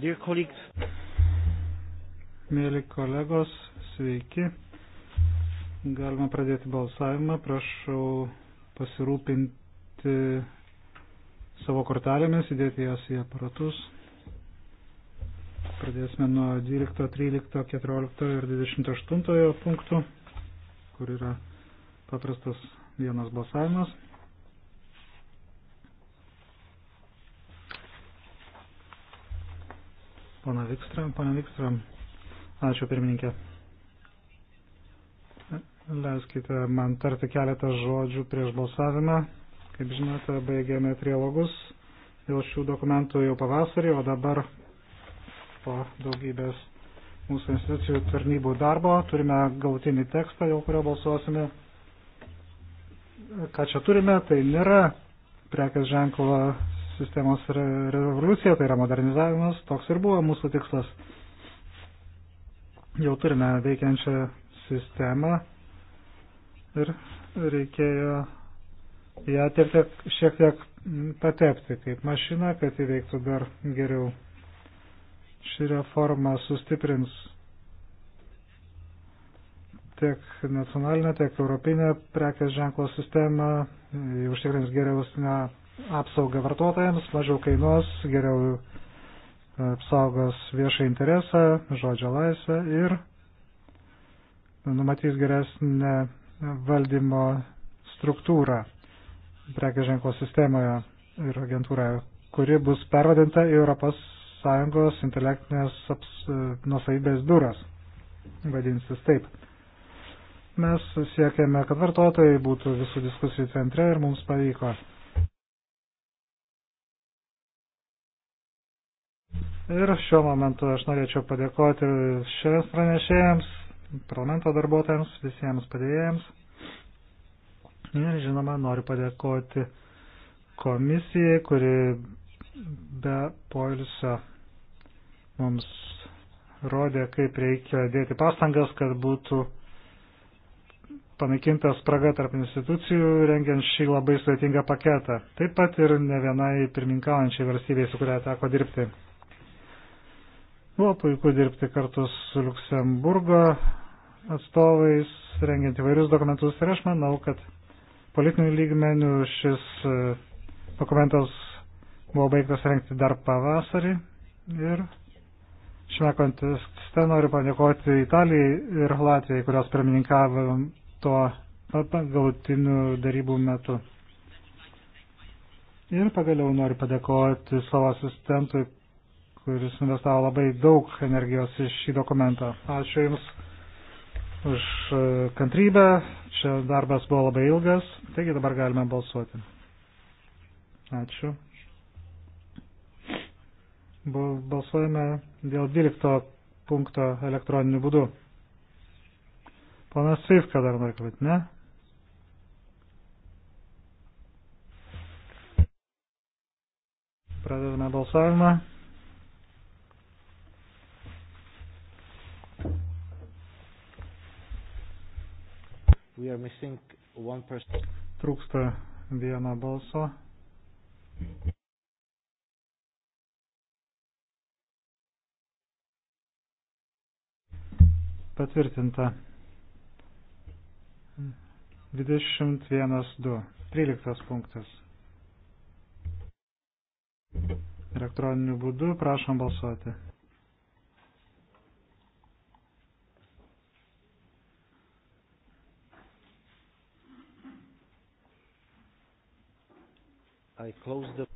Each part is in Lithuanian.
Dear colleagues. Mėly kolegos, sveiki. Galima pradėti balsavimą. Prašau pasirūpinti savo kortelėmis, įdėti jas į aparatus. Pradėsime nuo 12, 13, 14 ir 28 punktų, kur yra paprastas vienas balsavimas. pana Vikstram. Pana Vikstram, ačiū pirmininkė. Leiskite man tarti keletą žodžių prieš balsavimą. Kaip žinote, baigėme trialogus dėl šių dokumentų jau pavasarį, o dabar po daugybės mūsų institucijų tarnybų darbo turime gautinį tekstą, dėl kurio balsuosime. Ką čia turime, tai nėra prekės ženklo sistemos revoliucija, tai yra modernizavimas, toks ir buvo mūsų tikslas. Jau turime veikiančią sistemą ir reikėjo ją tiek, tiek, šiek tiek patepti kaip mašina, kad įveiktų dar geriau. Ši reforma sustiprins tiek nacionalinę, tiek europinę prekės ženklo sistemą, užtikrins geriausnę apsaugą vartotojams, mažiau kainuos, geriau e, apsaugos viešą interesą, žodžio laisvę ir numatys geresnę valdymo struktūrą prekės ženklo sistemoje ir agentūroje, kuri bus pervadinta į Europos Sąjungos intelektinės e, nusaibės biuras. Vadinsis taip. Mes siekiame, kad vartotojai būtų visų diskusijų centre ir mums pavyko. Ir šiuo momentu aš norėčiau padėkoti šiandien pranešėjams, parlamento darbuotojams, visiems padėjėjams. Ir žinoma, noriu padėkoti komisijai, kuri be poilsio mums rodė, kaip reikia dėti pastangas, kad būtų panaikinta spraga tarp institucijų, rengiant šį labai sudėtingą paketą. Taip pat ir ne vienai pirminkaujančiai valstybei, su kuria teko dirbti. Buvo puiku dirbti kartu su Luksemburgo atstovais, rengiant įvairius dokumentus ir aš manau, kad politinių lygmenių šis e, dokumentas buvo baigtas rengti dar pavasarį ir šiame kontekste noriu padėkoti Italijai ir Latvijai, kurios pirmininkavo to galutinių darybų metu. Ir pagaliau noriu padėkoti savo asistentui kuris investavo labai daug energijos į šį dokumentą. Ačiū Jums už e, kantrybę. Čia darbas buvo labai ilgas, taigi dabar galime balsuoti. Ačiū. Balsuojame dėl 12 punkto elektroniniu būdu. Ponas Sveifka dar nori kalbėti, ne? Pradedame balsavimą. We are missing one person. Trūksta vieno balso. Patvirtinta. 21.2. 13 punktas. Elektroniniu būdu prašom balsuoti. The...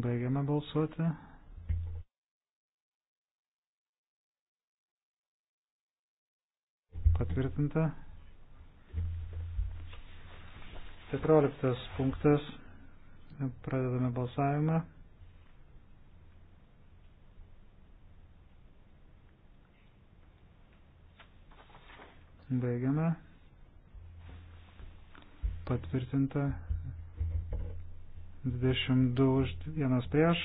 Baigiame balsuoti. Patvirtinta. 14 punktas. Pradedame balsavimą. Baigiame. Patvirtinta. 22 už 1 prieš.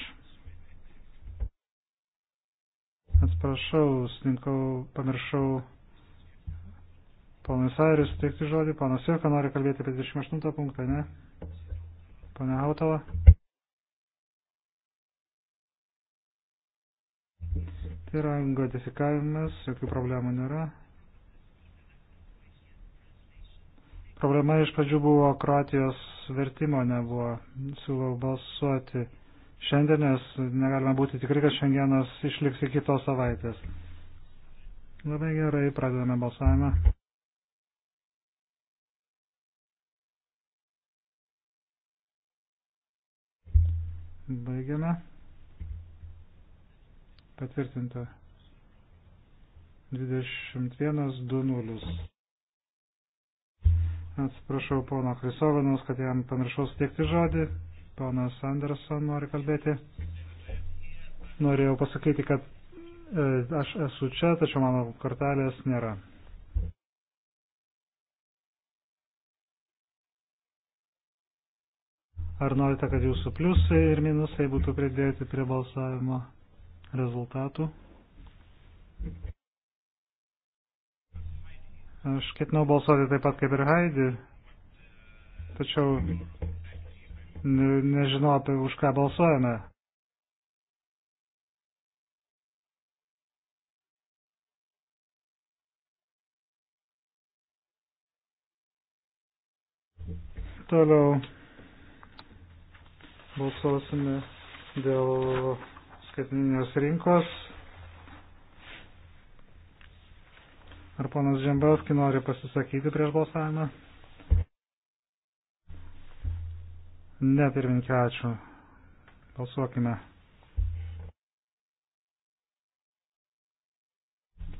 Atsiprašau, slinkau, pamiršau ponui Sairiui suteikti žodį. Ponas Joka nori kalbėti apie 28 punktą, ne? Pane Hautala. Tai yra godifikavimas, jokių problemų nėra. Problema iš pradžių buvo Kroatijos vertimo nebuvo. Siūlau balsuoti šiandien, nes negalime būti tikri, kad šiandienas išliks iki kitos savaitės. Labai gerai, pradedame balsavimą. Baigiame. Patvirtinta. 21.20. Atsiprašau pono Krisovanus, kad jam pamiršau suteikti žodį. Ponas Anderson nori kalbėti. Norėjau pasakyti, kad e, aš esu čia, tačiau mano kortelės nėra. Ar norite, kad jūsų pliusai ir minusai būtų pridėti prie balsavimo rezultatų? Aš ketinau balsuoti taip pat kaip ir Haidi, tačiau nežinau apie už ką balsuojame. Toliau balsuosime dėl skaitminės rinkos Ar ponas Žembovski nori pasisakyti prieš balsavimą? Ne, pirmininkė, ačiū. Balsuokime.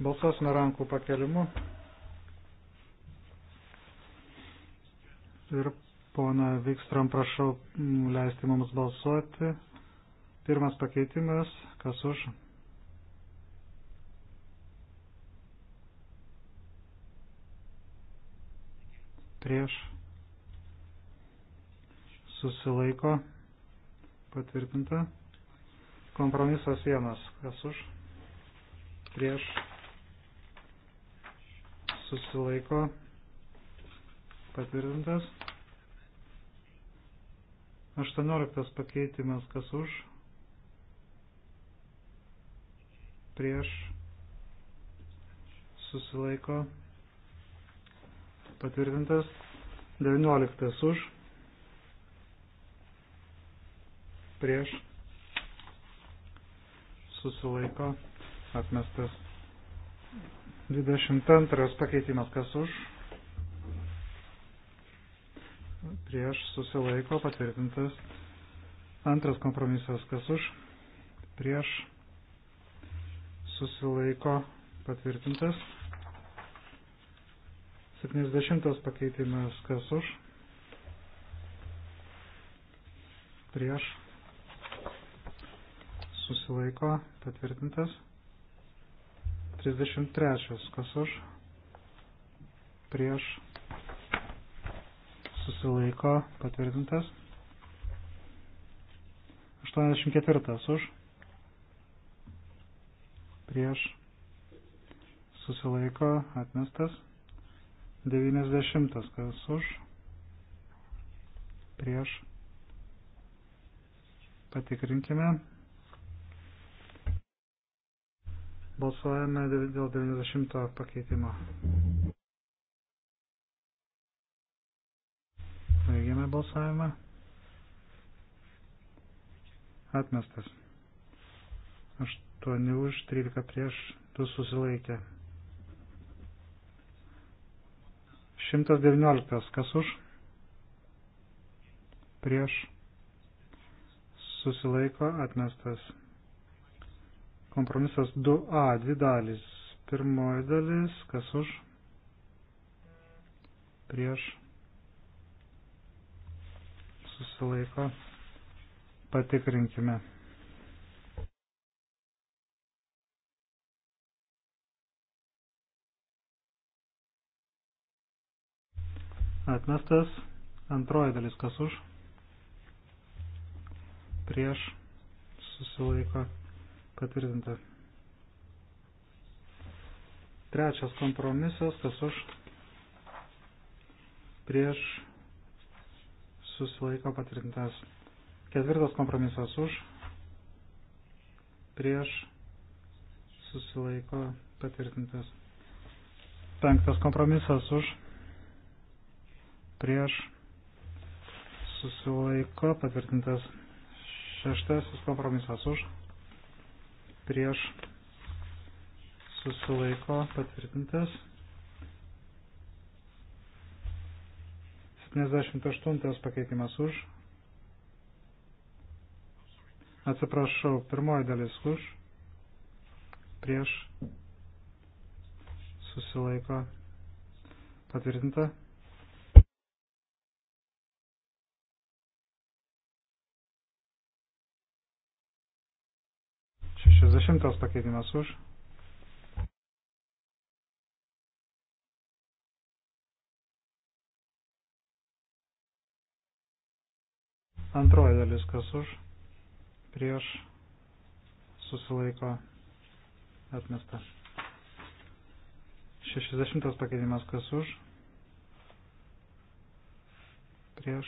Balsuosime rankų pakelimu. Ir pona Vikstrom prašau leisti mums balsuoti. Pirmas pakeitimas, kas už? prieš susilaiko patvirtinta. Kompromisas vienas, kas už, prieš susilaiko patvirtintas. 18 pakeitimas, kas už, prieš susilaiko patvirtintas patvirtintas. 19 už, prieš, susilaiko, atmestas. 22 pakeitimas kas už, prieš, susilaiko, patvirtintas. Antras kompromisas kas už, prieš, susilaiko, patvirtintas. 70 pakeitimas kas už. Prieš. Susilaiko. Patvirtintas. 33 kas už. Prieš. Susilaiko. Patvirtintas. 84 už. Prieš. Susilaiko. Atmestas. 90 kas už, prieš, patikrinkime. Balsuojame dėl 90 pakeitimo. Baigiame balsavimą. Atmestas. 8 už, 13 prieš, 2 susilaikė. 119. Kas už? Prieš. Susilaiko atmestas. Kompromisas 2A. Dvi dalys. Pirmoji dalis. Kas už? Prieš. Susilaiko. Patikrinkime. Atmestas. Antroji dalis kas už. Prieš. Susilaiko. Patvirtinta. Trečias kompromisas kas už. Prieš. Susilaiko patvirtintas. Ketvirtas kompromisas už. Prieš. Susilaiko patvirtintas. Penktas kompromisas už prieš susilaiko patvirtintas šeštasis kompromisas už prieš susilaiko patvirtintas 78 pakeitimas už atsiprašau pirmoji dalis už prieš susilaiko patvirtinta 60 pakeitimas už. Antroji dalis kas už, prieš, susilaiko, atmesta. 60 pakeitimas kas už, prieš,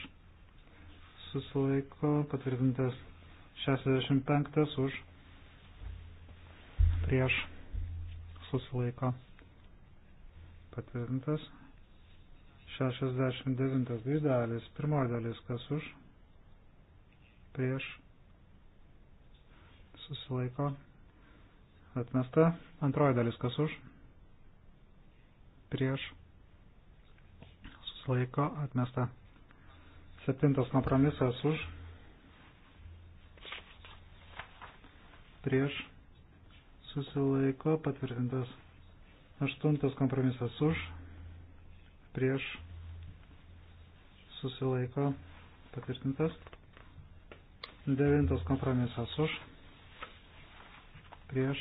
susilaiko, patvirtintas 65 už prieš susilaiko patvirtintas. 69 dvi dalis, pirmoji dalis kas už, prieš susilaiko atmesta, antroji dalis kas už, prieš susilaiko atmesta. Septintas kompromisas už, prieš susilaiko patvirtintas. Aštuntas kompromisas už, prieš, susilaiko patvirtintas. Devintas kompromisas už, prieš,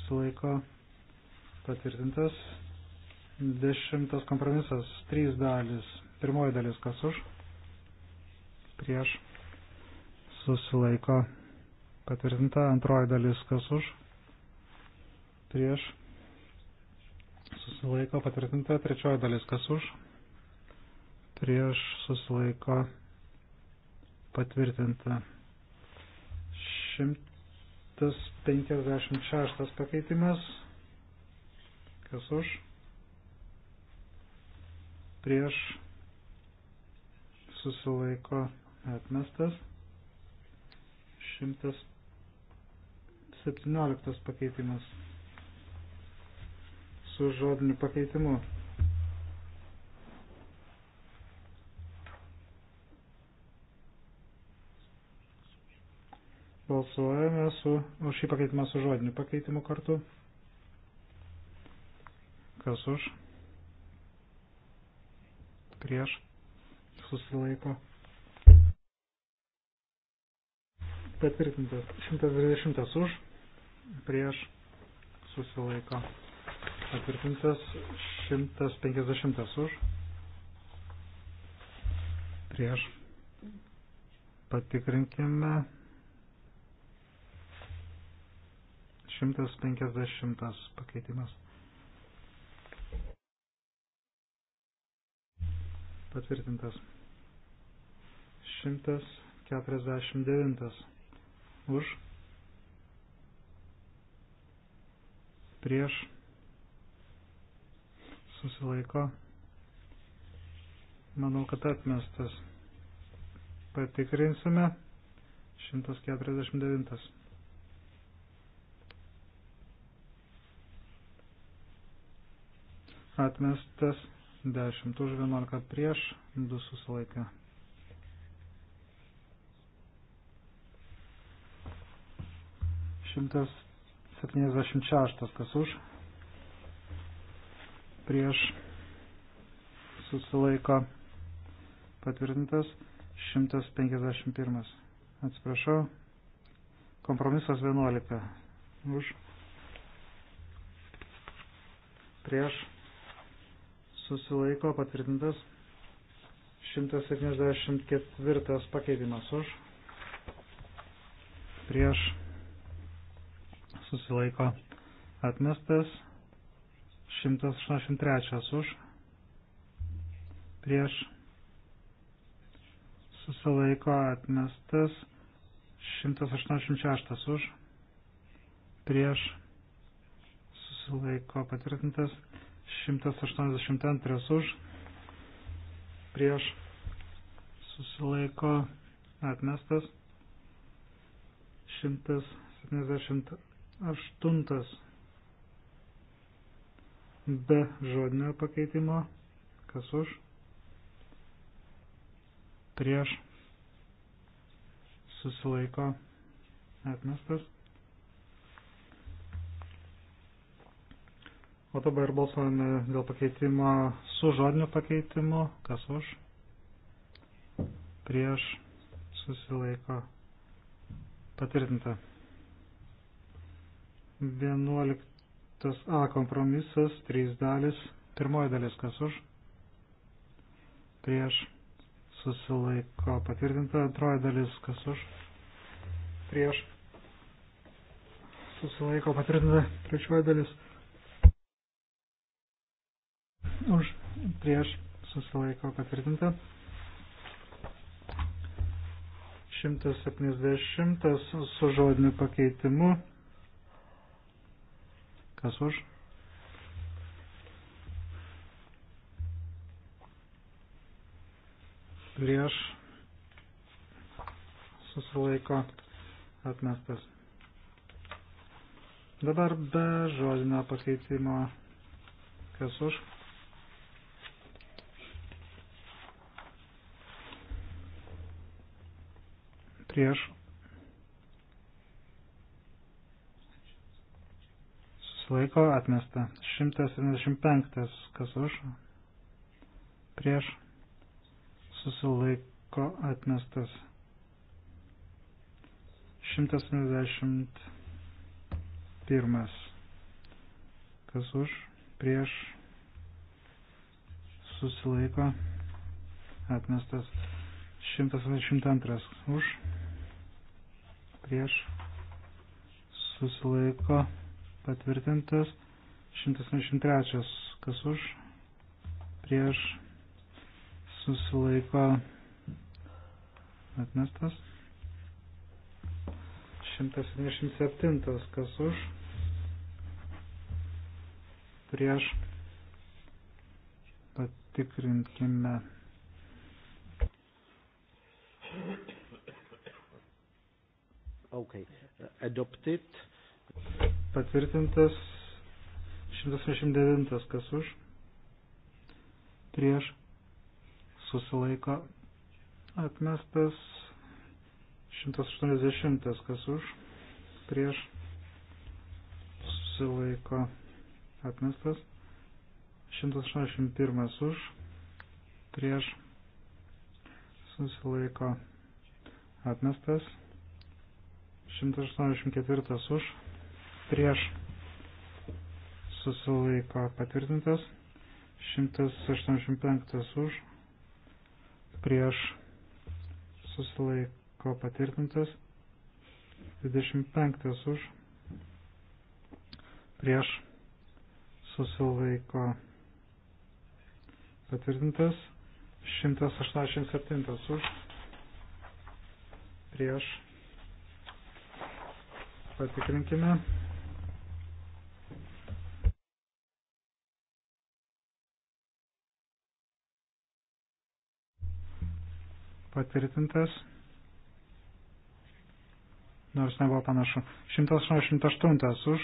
susilaiko patvirtintas. Dešimtas kompromisas, trys dalis. Pirmoji dalis kas už, prieš, susilaiko patvirtintas Patvirtinta antroji dalis, kas už, prieš, susilaiko. Patvirtinta trečioji dalis, kas už, prieš, susilaiko. Patvirtinta. 156 pakeitimas, kas už, prieš, susilaiko atmestas. 100 17 pakeitimas su žodiniu pakeitimu. Balsuojame su, už šį pakeitimą su žodiniu pakeitimu kartu. Kas už? Prieš. Susilaiko. Patvirtintas. 120 už prieš susilaiko patvirtintas 150 už prieš patikrinkime 150 pakeitimas patvirtintas 149 už prieš, susilaiko, manau, kad atmestas. Patikrinsime 149. Atmestas 10 už 11 prieš, 2 susilaikė. Šimtas 76 kas už, prieš susilaiko patvirtintas 151. Atsiprašau, kompromisas 11 už, prieš susilaiko patvirtintas 174 pakeitimas už, prieš susilaiko atmestas, 183 už, prieš susilaiko atmestas, 186 už, prieš susilaiko patvirtintas, 182 už, prieš susilaiko atmestas, 178 Aštuntas. Be žodinio pakeitimo. Kas už? Prieš. Susilaiko. Atmestas. O dabar balsuojame dėl pakeitimo su žodiniu pakeitimu. Kas už? Prieš susilaiko patvirtinta. 11a kompromisas, 3 dalis, pirmoji dalis kas už, prieš susilaiko patvirtinta, antroji dalis kas už, prieš susilaiko patvirtinta, trečioji dalis už, prieš susilaiko patvirtinta. 170 su žodiniu pakeitimu Kas už? Prieš susilaiko atmestas. Dabar be žodinio pakeitimo. Kas už? Prieš Sulaiko atmesta. 175. Kas už? Prieš. Susilaiko atmestas. 171. Kas už? Prieš. Susilaiko atmestas. 172. Už. Prieš. Susilaiko atmestas patvirtintas. 183 kas už, prieš susilaiko atmestas. 177 kas už, prieš patikrinkime. Okay, adopted patvirtintas 189 kas už, prieš susilaiko atmestas 180 kas už, prieš susilaiko atmestas 181 už, prieš susilaiko atmestas 184 už prieš susilaiko patvirtintas, 185 už, prieš susilaiko patvirtintas, 25 už, prieš susilaiko patvirtintas, 187 už, prieš patikrinkime. patvirtintas, nors nebuvo panašu. 188 už,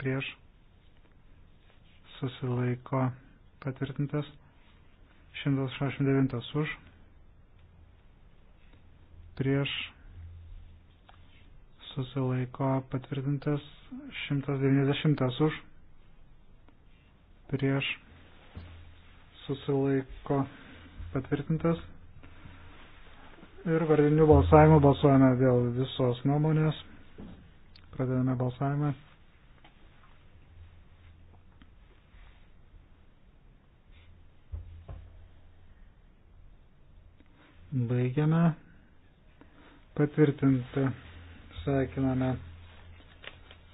prieš, susilaiko patvirtintas, 169 už, prieš, susilaiko patvirtintas, 190 už, prieš, susilaiko patvirtintas patvirtintas. Ir vardiniu balsavimu balsuojame dėl visos nuomonės. Pradedame balsavimą. Baigiame. Patvirtinti sveikiname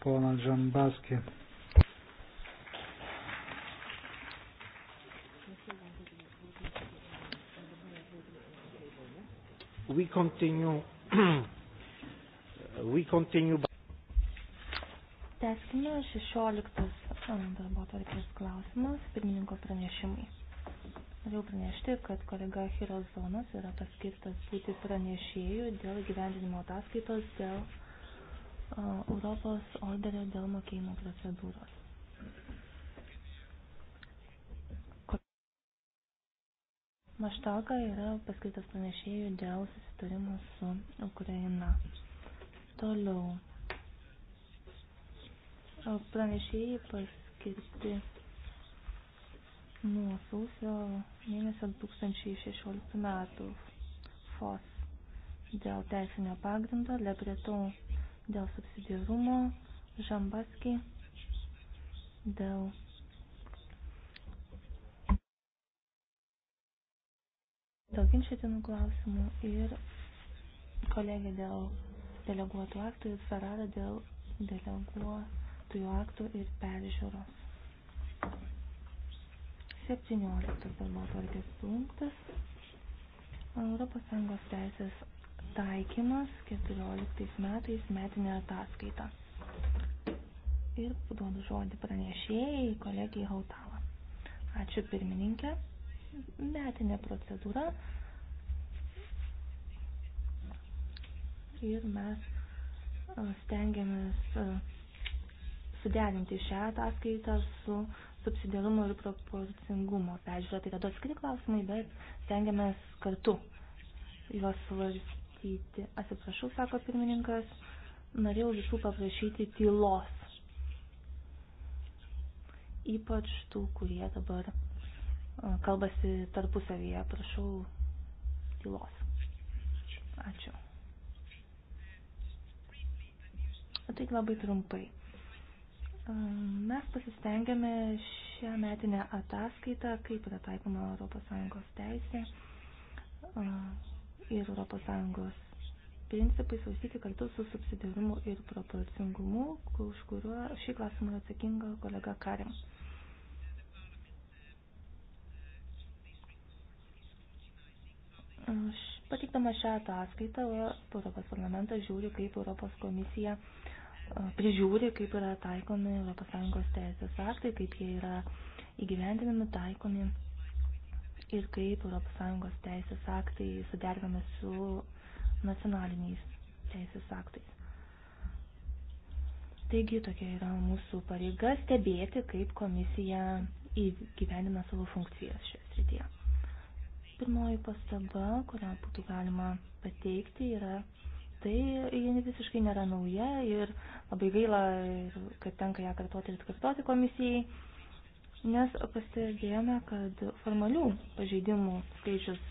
poną Džambaskį. we continue. we continue. Teskime 16 um, darbo tvarkės klausimas, pirmininko pranešimai. Norėjau pranešti, kad kolega Hirozonas yra paskirtas būti pranešėjų dėl gyvendinimo ataskaitos dėl uh, Europos orderio dėl mokėjimo procedūros. Maštaga yra paskirtas pranešėjų dėl susitarimo su Ukraina. Toliau. Pranešėjai paskirti nuo sausio mėnesio 2016 metų FOS dėl teisinio pagrindo, Lebretų dėl subsidiarumo, Žambaski dėl dėl ginčytinų klausimų ir kolegė dėl deleguotų aktų ir Ferrara dėl deleguotųjų aktų ir peržiūros. 17 darbo tvarkės punktas. ES teisės taikymas 14 metais metinė ataskaita. Ir duodu žodį pranešėjai kolegijai Hautalą. Ačiū pirmininkė metinė procedūra ir mes stengiamės suderinti šią ataskaitą su subsidialumo ir proporcingumo peržiūra. Tai yra du atskiri klausimai, bet stengiamės kartu juos svarstyti. Atsiprašau, sako pirmininkas, norėjau visų paprašyti tylos. Ypač tų, kurie dabar kalbasi tarpusavyje. Prašau tylos. Ačiū. Taip labai trumpai. Mes pasistengėme šią metinę ataskaitą, kaip yra taikoma ES teisė ir ES principai svarstyti kartu su subsidiarumu ir proporcingumu, už kurio šį klausimą yra atsakinga kolega Karim. Patikdama šią ataskaitą, Europos parlamentas žiūri, kaip Europos komisija prižiūri, kaip yra taikomi ES teisės aktai, kaip jie yra įgyvendinami, taikomi ir kaip ES teisės aktai suderinami su nacionaliniais teisės aktais. Taigi tokia yra mūsų pareiga stebėti, kaip komisija įgyvendina savo funkcijas šioje srityje. Pirmoji pastaba, kurią būtų galima pateikti, yra tai, ji visiškai nėra nauja ir labai gaila, kad tenka ją kartuoti ir atkartoti komisijai, nes pastebėjome, kad formalių pažeidimų skaičius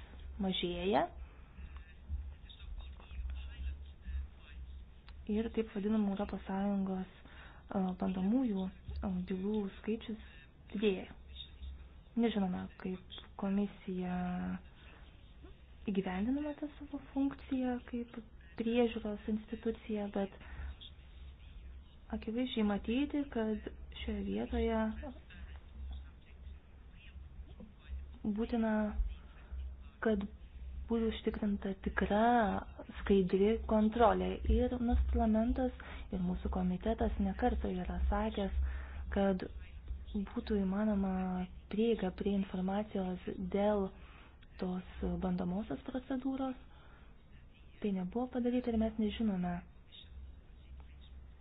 mažėja ir taip vadinamų Europos Sąjungos bandomųjų bylų skaičius didėja. Nežinome, kaip komisija įgyvendinama tą savo funkciją kaip priežiūros institucija, bet akivaizdžiai matyti, kad šioje vietoje būtina, kad būtų užtikrinta tikra skaidri kontrolė. Ir mūsų parlamentas, ir mūsų komitetas nekarto yra sakęs, kad būtų įmanoma prieiga prie informacijos dėl tos bandomosios procedūros. Tai nebuvo padaryta ir mes nežinome,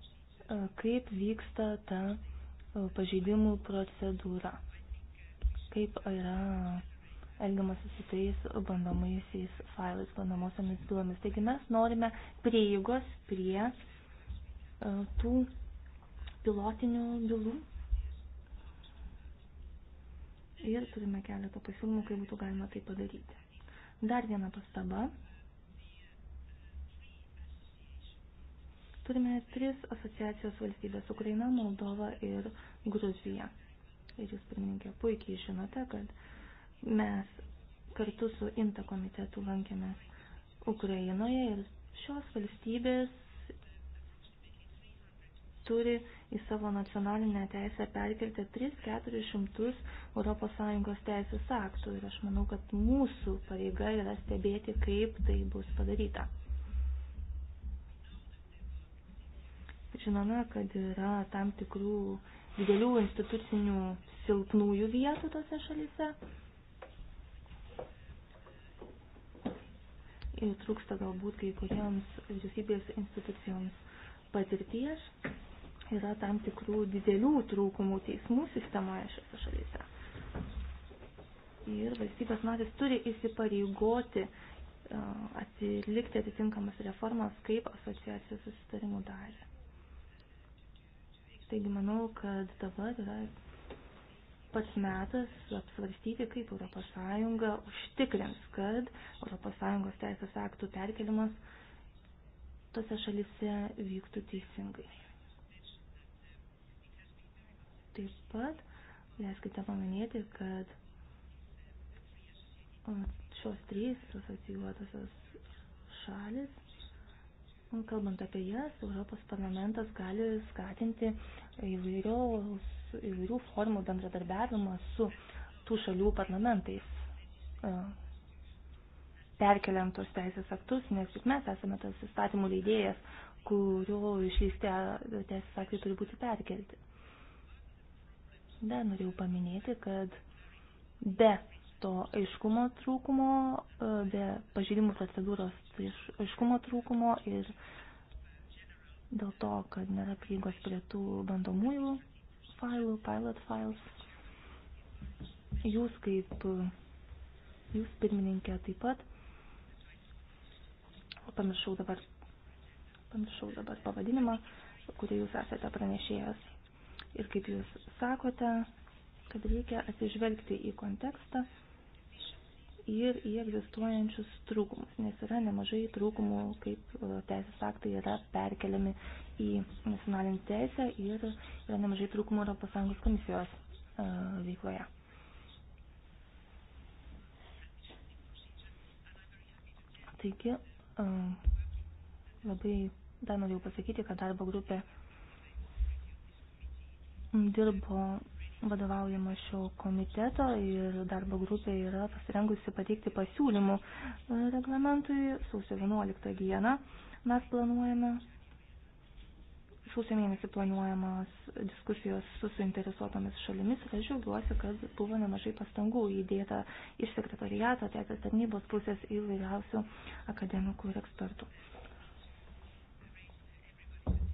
e, kaip vyksta ta e, pažeidimų procedūra, kaip yra elgiamasi su tais bandomaisiais failais, bandomosiamis bylomis. Taigi mes norime prieigos prie e, tų pilotinių bylų ir turime keletą pasiūlymų, kaip būtų galima tai padaryti. Dar viena pastaba. Turime tris asociacijos valstybės – Ukraina, Moldova ir Gruzija. Ir jūs, pirmininkė, puikiai žinote, kad mes kartu su INTA komitetu lankėmės Ukrainoje ir šios valstybės turi į savo nacionalinę teisę perkelti 3-400 ES teisės aktų ir aš manau, kad mūsų pareiga yra stebėti, kaip tai bus padaryta. Žinome, kad yra tam tikrų didelių institucinių silpnųjų vietų tose šalyse. ir trūksta galbūt kai kuriems vyriausybės institucijoms patirties yra tam tikrų didelių trūkumų teismų sistemoje šiose šalyse. Ir valstybės narės turi įsipareigoti e, atlikti atitinkamas reformas, kaip asociacijos susitarimų darė. Taigi manau, kad dabar yra pats metas apsvarstyti, kaip ES užtikrins, kad ES teisės aktų perkelimas tose šalise vyktų teisingai. Taip pat leiskite paminėti, kad šios trys asocijuotosios šalis, kalbant apie jas, Europos parlamentas gali skatinti įvairios, įvairių formų bendradarbiavimą su tų šalių parlamentais, e, perkeliant tos teisės aktus, nes juk mes esame tas įstatymų leidėjas, kurio išleisti teisės aktai turi būti perkelti. Dar norėjau paminėti, kad be to aiškumo trūkumo, e, be pažydimų procedūros tai aiškumo trūkumo ir dėl to, kad nėra prieigos prie tų bandomųjų failų, pilot files, jūs kaip jūs pirmininkė taip pat, pamiršau dabar, pamiršau dabar pavadinimą, kurį jūs esate pranešėjęs Ir kaip jūs sakote, kad reikia atsižvelgti į kontekstą ir į egzistuojančius trūkumus, nes yra nemažai trūkumų, kaip e, teisės aktai yra perkeliami į nacionalinį teisę ir yra nemažai trūkumų Europos Sąjungos komisijos e, veikloje. Taigi, e, labai dar norėjau pasakyti, kad darbo grupė dirbo vadovaujama šio komiteto ir darbo grupė yra pasirengusi pateikti pasiūlymų e, reglamentui sausio 11 dieną. Mes planuojame, sausio mėnesį planuojamas diskusijos su suinteresuotomis šalimis ir aš žiaugiuosi, kad buvo nemažai pastangų įdėta iš sekretariato, teisės tarnybos pusės įvairiausių akademikų ir ekspertų.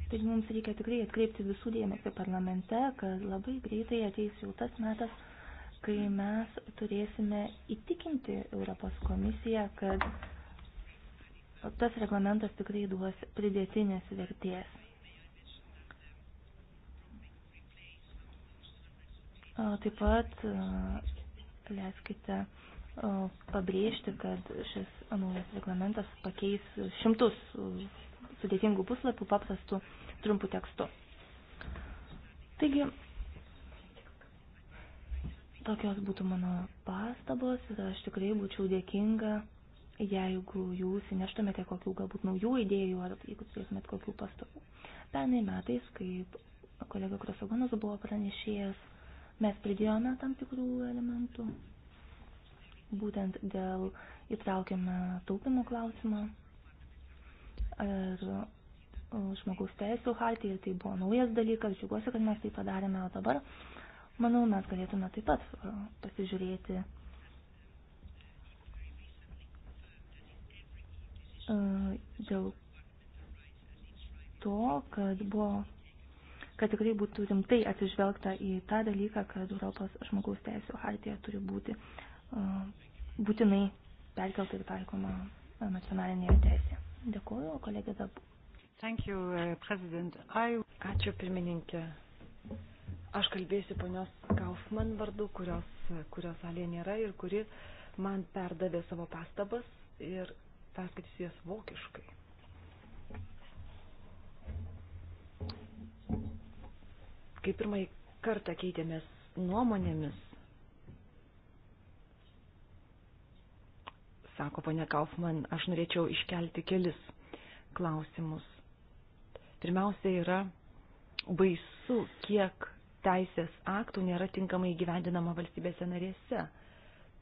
Taigi mums reikia tikrai atkreipti visų dėmesį parlamente, kad labai greitai ateis jau tas metas, kai mes turėsime įtikinti Europos komisiją, kad tas reglamentas tikrai duos pridėtinės vertės. Taip pat leiskite pabrėžti, kad šis naujas reglamentas pakeis šimtus sudėtingų puslapių paprastų trumpų tekstų. Taigi, tokios būtų mano pastabos ir aš tikrai būčiau dėkinga, jeigu jūs įneštumėte kokių galbūt naujų idėjų ar jeigu turėtumėte kokių pastabų. Pernai metais, kaip kolega Krasogonas buvo pranešėjęs, mes pridėjome tam tikrų elementų, būtent dėl įtraukiame taupimo klausimą ir e, žmogaus teisų hartiją. Tai buvo naujas dalykas, džiuguosi, kad mes tai padarėme, o dabar, manau, mes galėtume taip pat e, pasižiūrėti e, dėl to, kad buvo kad tikrai būtų rimtai atsižvelgta į tą dalyką, kad Europos žmogaus teisų hartija turi būti būtinai perkelta ir taikoma nacionalinėje teisėje. Dėkuoju, kolegė Zabu. Thank you, uh, President. I... Ačiū, pirmininkė. Aš kalbėsiu ponios Kaufman vardu, kurios, kurios salėje nėra ir kuri man perdavė savo pastabas ir perskaitysiu jas vokiškai. Kai pirmąjį kartą keitėmės nuomonėmis sako ponia Kaufman, aš norėčiau iškelti kelis klausimus. Pirmiausia yra baisu, kiek teisės aktų nėra tinkamai gyvendinama valstybėse narėse.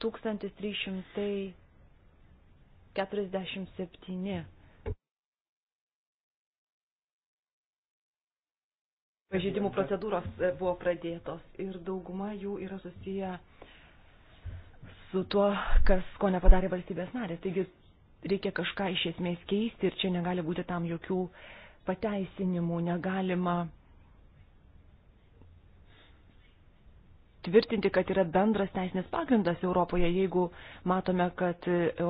1347 pažeidimų procedūros e, buvo pradėtos ir dauguma jų yra susiję su tuo, kas ko nepadarė valstybės narės. Taigi reikia kažką iš esmės keisti ir čia negali būti tam jokių pateisinimų, negalima tvirtinti, kad yra bendras teisinės pagrindas Europoje, jeigu matome, kad ES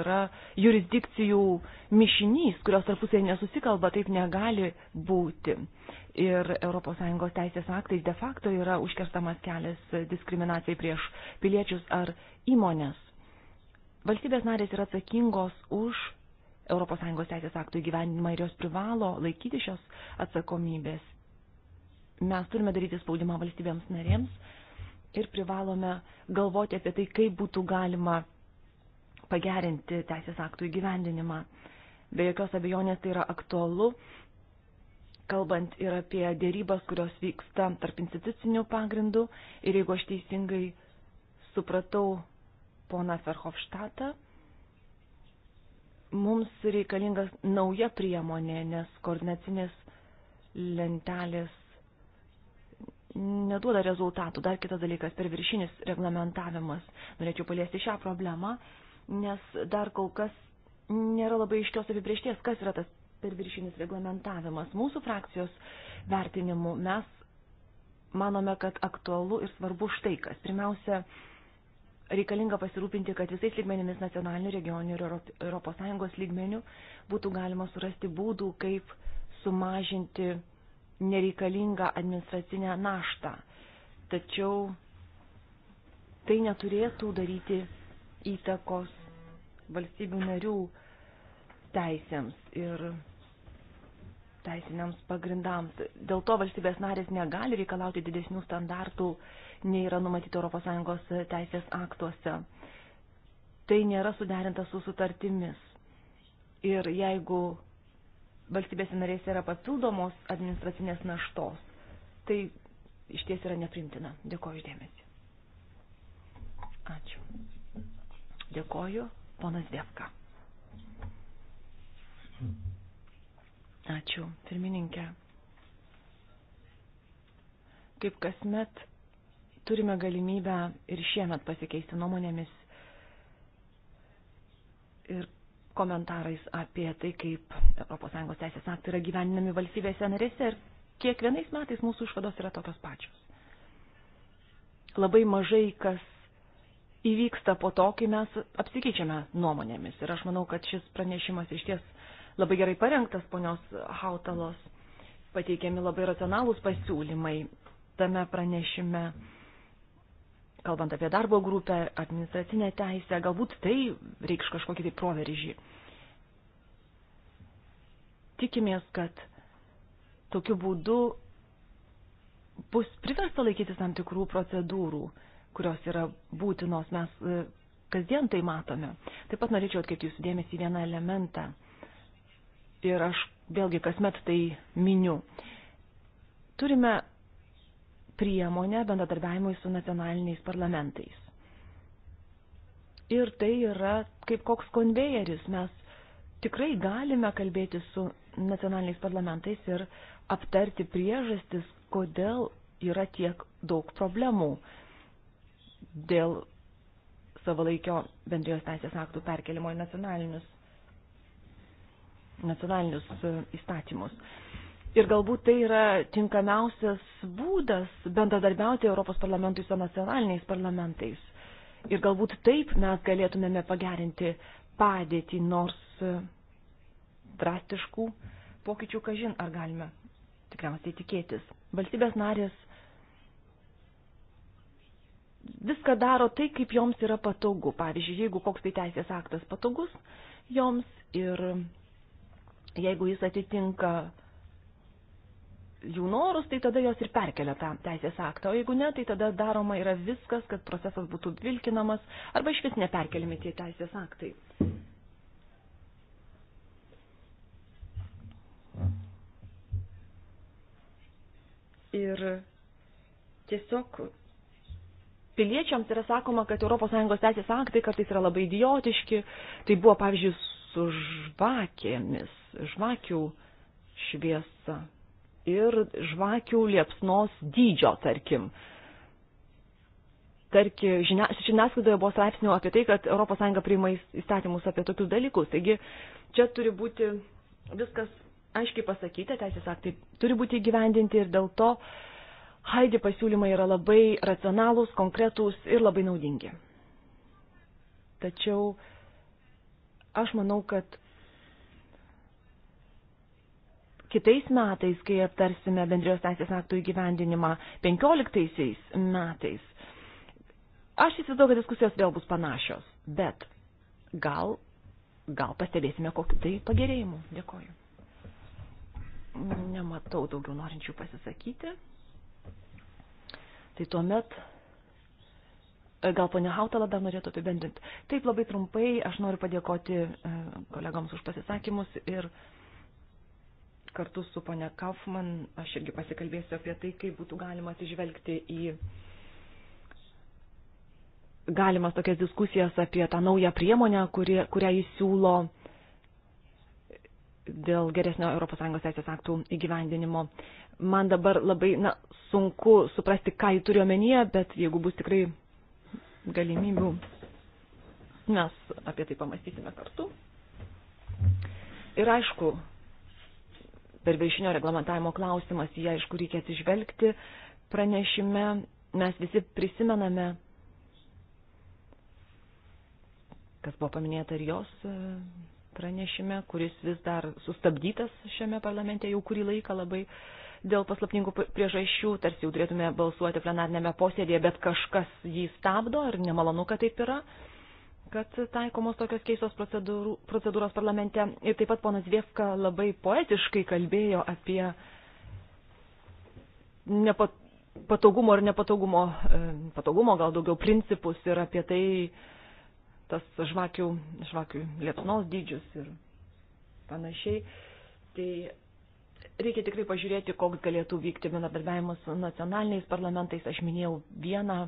yra jurisdikcijų mišinys, kurios tarpusėje nesusikalba, taip negali būti. Ir ES teisės aktais de facto yra užkertamas kelias diskriminacijai prieš piliečius ar įmonės. Valstybės narės yra atsakingos už ES teisės aktų įgyvendinimą ir jos privalo laikyti šios atsakomybės mes turime daryti spaudimą valstybėms narėms ir privalome galvoti apie tai, kaip būtų galima pagerinti teisės aktų įgyvendinimą. Be jokios abejonės tai yra aktualu, kalbant ir apie dėrybas, kurios vyksta tarp institucinių pagrindų. Ir jeigu aš teisingai supratau poną Ferhofštatą, mums reikalingas nauja priemonė, nes koordinacinės lentelės neduoda rezultatų. Dar kitas dalykas - per viršinis reglamentavimas. Norėčiau paliesti šią problemą, nes dar kol kas nėra labai iškios apibriešties, kas yra tas per viršinis reglamentavimas. Mūsų frakcijos vertinimu mes manome, kad aktualu ir svarbu štai kas. Pirmiausia, reikalinga pasirūpinti, kad visais lygmenimis nacionalinių regionių ir ES lygmenių būtų galima surasti būdų, kaip sumažinti nereikalingą administracinę naštą. Tačiau tai neturėtų daryti įtakos valstybių narių teisėms ir teisiniams pagrindams. Dėl to valstybės narės negali reikalauti didesnių standartų, nei yra numatyti ES teisės aktuose. Tai nėra suderinta su sutartimis. Ir jeigu valstybėse narėse yra papildomos administracinės naštos. Tai iš ties yra neprimtina. Dėkoju išdėmesi. Ačiū. Dėkoju, ponas Devka. Ačiū, pirmininkė. Kaip kasmet turime galimybę ir šiemet pasikeisti nuomonėmis ir komentarais apie tai, kaip ES teisės aktai yra gyveninami valstybėse narėse ir kiekvienais metais mūsų išvados yra tokios pačios. Labai mažai kas įvyksta po to, kai mes apsikeičiame nuomonėmis. Ir aš manau, kad šis pranešimas iš ties labai gerai parengtas ponios Hautalos, pateikiami labai racionalūs pasiūlymai tame pranešime kalbant apie darbo grupę, administracinę teisę, galbūt tai reikš kažkokį tai proveržį. Tikimės, kad tokiu būdu bus priversta laikytis tam tikrų procedūrų, kurios yra būtinos, mes e, kasdien tai matome. Taip pat norėčiau atkreipti jūsų dėmesį į vieną elementą. Ir aš vėlgi kasmet tai miniu. Turime priemonę bendradarbiavimui su nacionaliniais parlamentais. Ir tai yra kaip koks konvejeris. Mes tikrai galime kalbėti su nacionaliniais parlamentais ir aptarti priežastis, kodėl yra tiek daug problemų dėl savalaikio bendrijos teisės aktų perkelimo į nacionalinius, nacionalinius e, įstatymus. Ir galbūt tai yra tinkamiausias būdas bendradarbiauti Europos parlamentui su nacionaliniais parlamentais. Ir galbūt taip mes galėtumėme pagerinti padėtį, nors e, drastiškų pokyčių kažin ar galime tikriausiai tikėtis. Valstybės narės viską daro tai, kaip joms yra patogu. Pavyzdžiui, jeigu koks tai teisės aktas patogus joms ir jeigu jis atitinka jų norus, tai tada jos ir perkelia tą teisės aktą, o jeigu ne, tai tada daroma yra viskas, kad procesas būtų vilkinamas arba iš vis neperkeliami tie teisės aktai. Ir tiesiog piliečiams yra sakoma, kad ES teisės aktai kartais yra labai idiotiški. Tai buvo, pavyzdžiui, su žvakėmis, žvakių šviesa ir žvakių liepsnos dydžio, tarkim. Tarkim, žiniasklaidoje buvo straipsnių apie tai, kad ES priima įstatymus apie tokius dalykus. Taigi čia turi būti viskas aiškiai pasakyta, teisės aktai turi būti įgyvendinti ir dėl to Haidi pasiūlymai yra labai racionalūs, konkretūs ir labai naudingi. Tačiau aš manau, kad kitais metais, kai aptarsime bendrijos teisės aktų įgyvendinimą 15 metais. Aš įsivaizduoju, kad diskusijos vėl bus panašios, bet gal, gal pastebėsime kokiu tai pagerėjimu. Dėkoju. Nematau daugiau norinčių pasisakyti. Tai tuomet Gal ponia Hautala dar norėtų apibendrinti. Taip labai trumpai aš noriu padėkoti e, kolegoms už pasisakymus ir kartu su ponia Kaufman aš irgi pasikalbėsiu apie tai, kaip būtų galima atsižvelgti į galimas tokias diskusijas apie tą naują priemonę, kuri, kurią jis siūlo dėl geresnio ES teisės aktų įgyvendinimo. Man dabar labai na, sunku suprasti, ką jį turiu omenyje, bet jeigu bus tikrai galimybių, mes apie tai pamastysime kartu. Ir aišku, perviršinio reglamentavimo klausimas, jį aišku reikia atsižvelgti. Pranešime mes visi prisimename, kas buvo paminėta ir jos e, pranešime, kuris vis dar sustabdytas šiame parlamente jau kurį laiką labai dėl paslaptingų priežasčių, tarsi jau turėtume balsuoti plenarnėme posėdėje, bet kažkas jį stabdo ir nemalonu, kad taip yra kad taikomos tokios keistos procedūros parlamente. Ir taip pat ponas Vievka labai poetiškai kalbėjo apie nepat, patogumo ir nepatogumo, e, patogumo gal daugiau principus ir apie tai tas žvakių, žvakių liepsnos dydžius ir panašiai. Tai reikia tikrai pažiūrėti, koks galėtų vykti bendradarbiavimas su nacionaliniais parlamentais. Aš minėjau vieną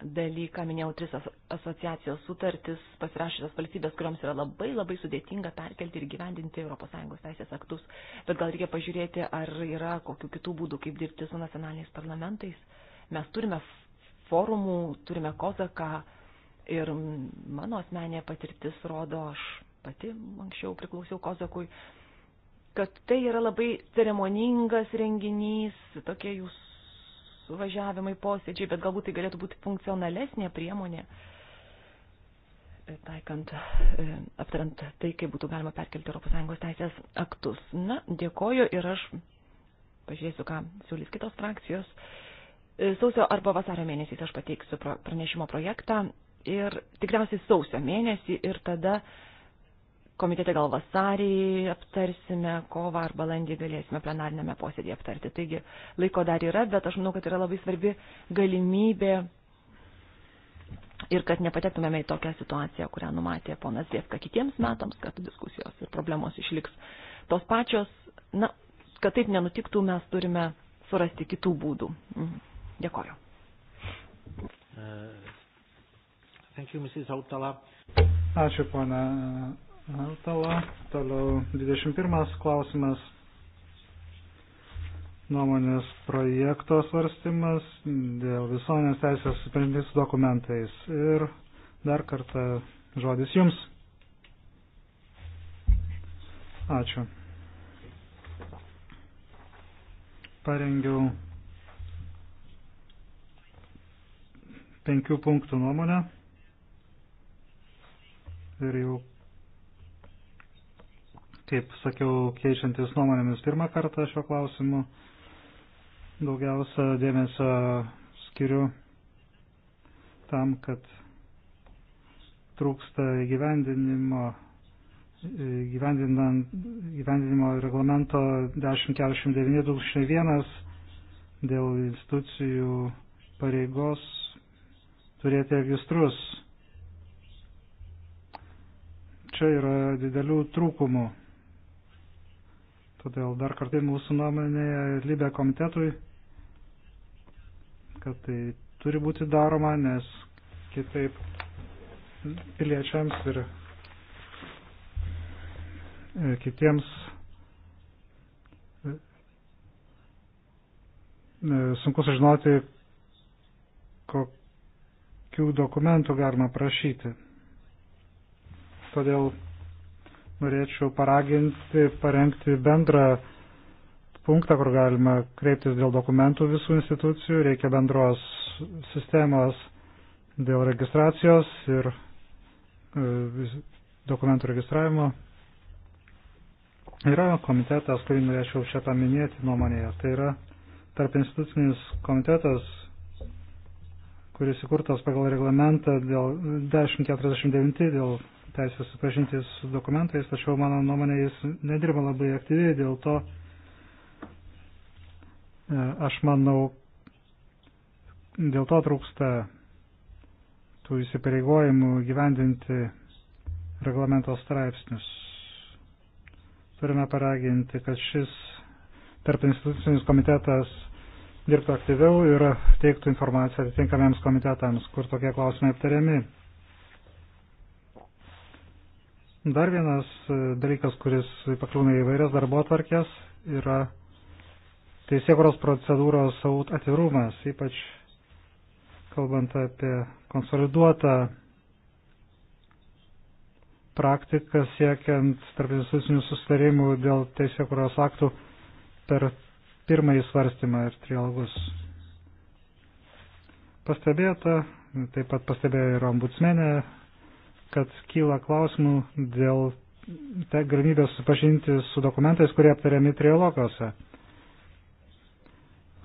dalyką, minėjau tris asociacijos sutartis pasirašytas valstybės, kuriams yra labai labai sudėtinga perkelti ir gyvendinti ES teisės aktus, bet gal reikia pažiūrėti, ar yra kokiu kitų būdų, kaip dirbti su nacionaliniais parlamentais. Mes turime forumų, turime kozaką ir mano asmenė patirtis rodo, aš pati anksčiau priklausiau kozakui, kad tai yra labai ceremoningas renginys, tokie jūs suvažiavimai, posėdžiai, bet galbūt tai galėtų būti funkcionalesnė priemonė, e, taikant, e, aptarant tai, kaip būtų galima perkelti ES teisės aktus. Na, dėkoju ir aš pažiūrėsiu, ką siūlys kitos frakcijos. E, sausio arba vasario mėnesiais aš pateiksiu pranešimo projektą ir tikriausiai sausio mėnesį ir tada uh, komitete gal vasarį aptarsime, kovą ar balandį galėsime plenarinėme posėdėje aptarti. Taigi laiko dar yra, bet aš manau, kad yra labai svarbi galimybė ir kad nepatektumėme į tokią situaciją, kurią numatė ponas Dievka kitiems metams, kad diskusijos ir problemos išliks tos pačios. Na, kad taip nenutiktų, mes turime surasti kitų būdų. Mhm. Dėkoju. Uh, thank you, Mrs. Autala. Ačiū, pana Altala. Toliau 21 klausimas. Nuomonės projekto svarstymas dėl visuomenės teisės susipažinti su dokumentais. Ir dar kartą žodis jums. Ačiū. Parengiau penkių punktų nuomonę ir jau kaip sakiau, keičiantis nuomonėmis pirmą kartą šiuo klausimu. Daugiausia dėmesio skiriu tam, kad trūksta gyvendinimo, gyvendinimo reglamento 1049-2001 dėl institucijų pareigos turėti registrus. Čia yra didelių trūkumų. Todėl dar kartą mūsų nuomonėje Libė komitetui, kad tai turi būti daroma, nes kitaip piliečiams ir e, kitiems e, sunku sužinoti, kokių dokumentų galima prašyti. Todėl norėčiau paraginti parengti bendrą punktą, kur galima kreiptis dėl dokumentų visų institucijų, reikia bendros sistemos dėl registracijos ir e, dokumentų registravimo. Yra komitetas, kurį norėčiau šią paminėti nuomonėje. Tai yra tarp institucinis komitetas kuris įkurtas pagal reglamentą dėl 1049 dėl teisės supažinti su dokumentais, tačiau mano nuomonė jis nedirba labai aktyviai, dėl to e, aš manau, dėl to trūksta tų įsipareigojimų gyvendinti reglamento straipsnius. Turime paraginti, kad šis tarp institucinis komitetas dirbtų aktyviau ir teiktų informaciją atitinkamiems komitetams, kur tokie klausimai aptariami. Dar vienas e, dalykas, kuris pakliūna į vairias darbo atvarkės, yra teisėkuros procedūros atvirumas, ypač kalbant apie konsoliduotą praktiką siekiant tarp institucinių susitarimų dėl teisėkuros aktų per pirmąjį svarstymą ir trialogus. Pastebėta, taip pat pastebėjo ir ombudsmenė, kad kyla klausimų dėl galimybės susipažinti su dokumentais, kurie aptariami trialogose.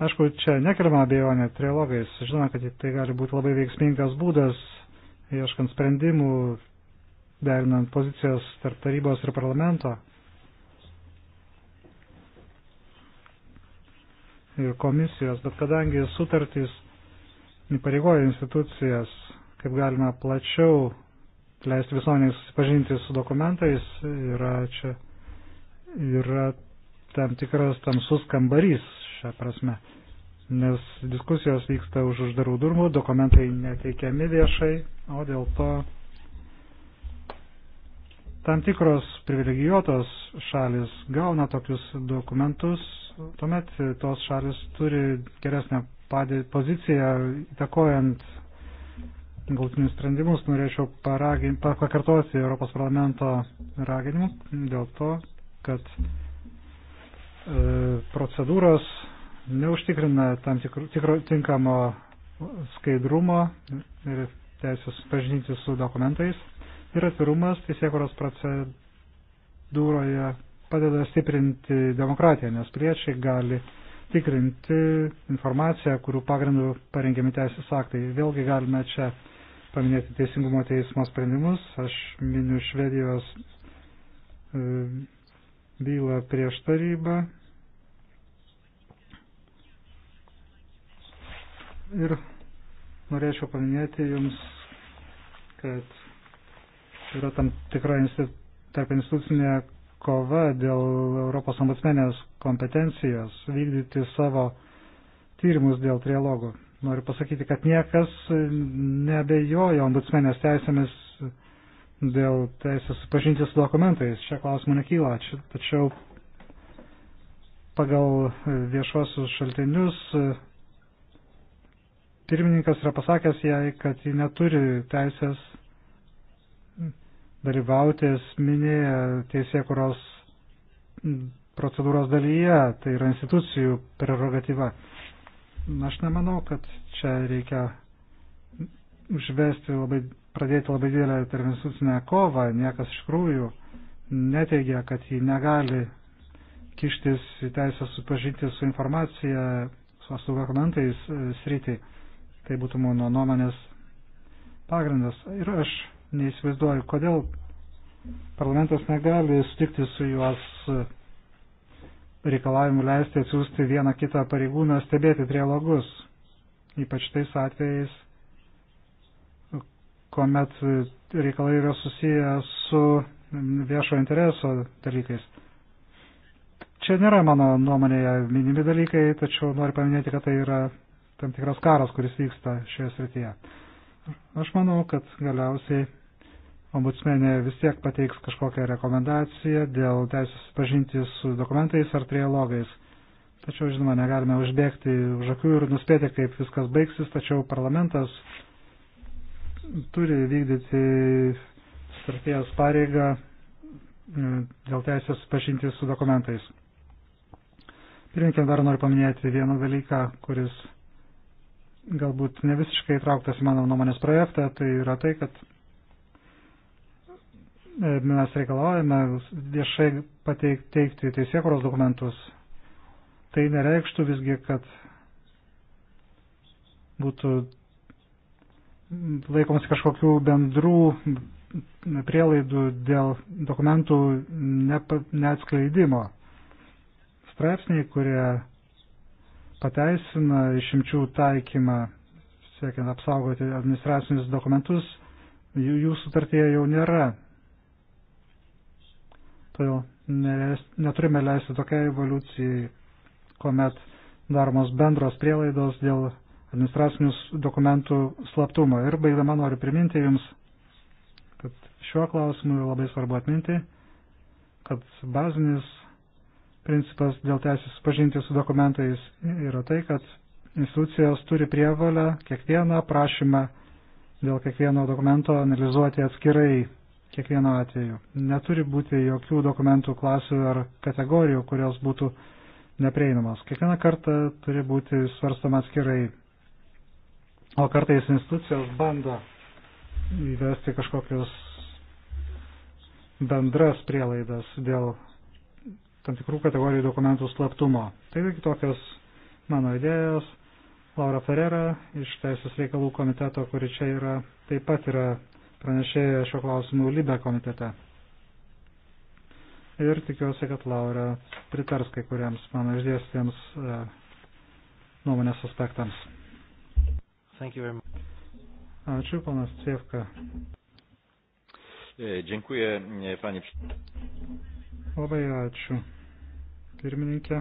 Aišku, čia nekeliama abejonė trilogais. Žinoma, kad tai gali būti labai veiksmingas būdas, ieškant sprendimų, derinant pozicijas tarp tarybos ir parlamento. ir komisijos, bet kadangi sutartys įpareigoja institucijas, kaip galima plačiau leisti visuomeniai susipažinti su dokumentais, yra čia yra tam tikras tamsus kambarys šią prasme, nes diskusijos vyksta už uždarų durmų, dokumentai neteikiami viešai, o dėl to tam tikros privilegijuotos šalis gauna tokius dokumentus, tuomet tos šalis turi geresnę padė, poziciją įtakojant gautinius sprendimus. Norėčiau paragin, pakartoti Europos parlamento raginimų dėl to, kad e, procedūros neužtikrina tam tikro, tikro tinkamo skaidrumo ir teisės pažinti su dokumentais ir atvirumas teisėkuros procedūroje padeda stiprinti demokratiją, nes priečiai gali tikrinti informaciją, kurių pagrindų parengiami teisės aktai. Vėlgi galime čia paminėti Teisingumo teismo sprendimus. Aš miniu Švedijos e, bylą prieš tarybą. Ir norėčiau paminėti Jums, kad yra tam tikra tarp institucinė kova dėl Europos ombudsmenės kompetencijos vykdyti savo tyrimus dėl trialogų. Noriu pasakyti, kad niekas nebejoja ombudsmenės teisėmis dėl teisės supažinti su dokumentais. Šia klausimų nekyla, tačiau pagal viešuosius šaltinius pirmininkas yra pasakęs jai, kad ji neturi teisės dalyvauti esminėje teisėkuros procedūros dalyje, tai yra institucijų prerogatyva. Aš nemanau, kad čia reikia užvesti labai, pradėti labai didelę tarpinstitucinę kovą, niekas iš tikrųjų neteigia, kad ji negali kištis į teisę supažinti su informacija, su, su dokumentais e, sritį. Tai būtų mano nuomonės pagrindas. Ir aš neįsivaizduoju, kodėl parlamentas negali sutikti su juos reikalavimu leisti atsiųsti vieną kitą pareigūną stebėti trialogus, ypač tais atvejais, kuomet reikalai yra susiję su viešo intereso dalykais. Čia nėra mano nuomonėje minimi dalykai, tačiau noriu paminėti, kad tai yra tam tikras karas, kuris vyksta šioje srityje. Aš manau, kad galiausiai ombudsmenė vis tiek pateiks kažkokią rekomendaciją dėl teisės pažinti su dokumentais ar trialogais. Tačiau, žinoma, negalime užbėgti už akių ir nuspėti, kaip viskas baigsis, tačiau parlamentas turi vykdyti sutarties pareigą mm, dėl teisės pažinti su dokumentais. Pirminkė, dar noriu paminėti vieną dalyką, kuris galbūt ne visiškai įtrauktas į mano nuomonės projektą, tai yra tai, kad e, mes reikalaujame viešai pateikti teisėkuros dokumentus. Tai nereikštų visgi, kad būtų laikomasi kažkokių bendrų prielaidų dėl dokumentų neatskleidimo. Straipsniai, kurie pateisina išimčių taikymą, siekiant apsaugoti administracinius dokumentus, jų, jų sutartyje jau nėra. Todėl neles, neturime leisti tokiai evoliucijai, kuomet daromos bendros prielaidos dėl administracinius dokumentų slaptumo. Ir baigdama noriu priminti Jums, kad šiuo klausimu labai svarbu atminti, kad bazinis principas dėl teisės pažinti su dokumentais yra tai, kad institucijos turi prievalę kiekvieną prašymą dėl kiekvieno dokumento analizuoti atskirai kiekvieno atveju. Neturi būti jokių dokumentų klasių ar kategorijų, kurios būtų neprieinamos. Kiekvieną kartą turi būti svarstama atskirai. O kartais institucijos bando įvesti kažkokius bendras prielaidas dėl tam tikrų kategorijų dokumentų slaptumo. Tai tokios mano idėjos. Laura Ferrera iš Teisės reikalų komiteto, kuri čia yra, taip pat yra pranešėja šio klausimu Libe komitete. Ir tikiuosi, kad Laura pritars kai kuriems mano išdėstiems e, nuomonės aspektams. Ačiū, panas Cievka. E, dziękuję, e, panie. Labai ačiū pirmininkė.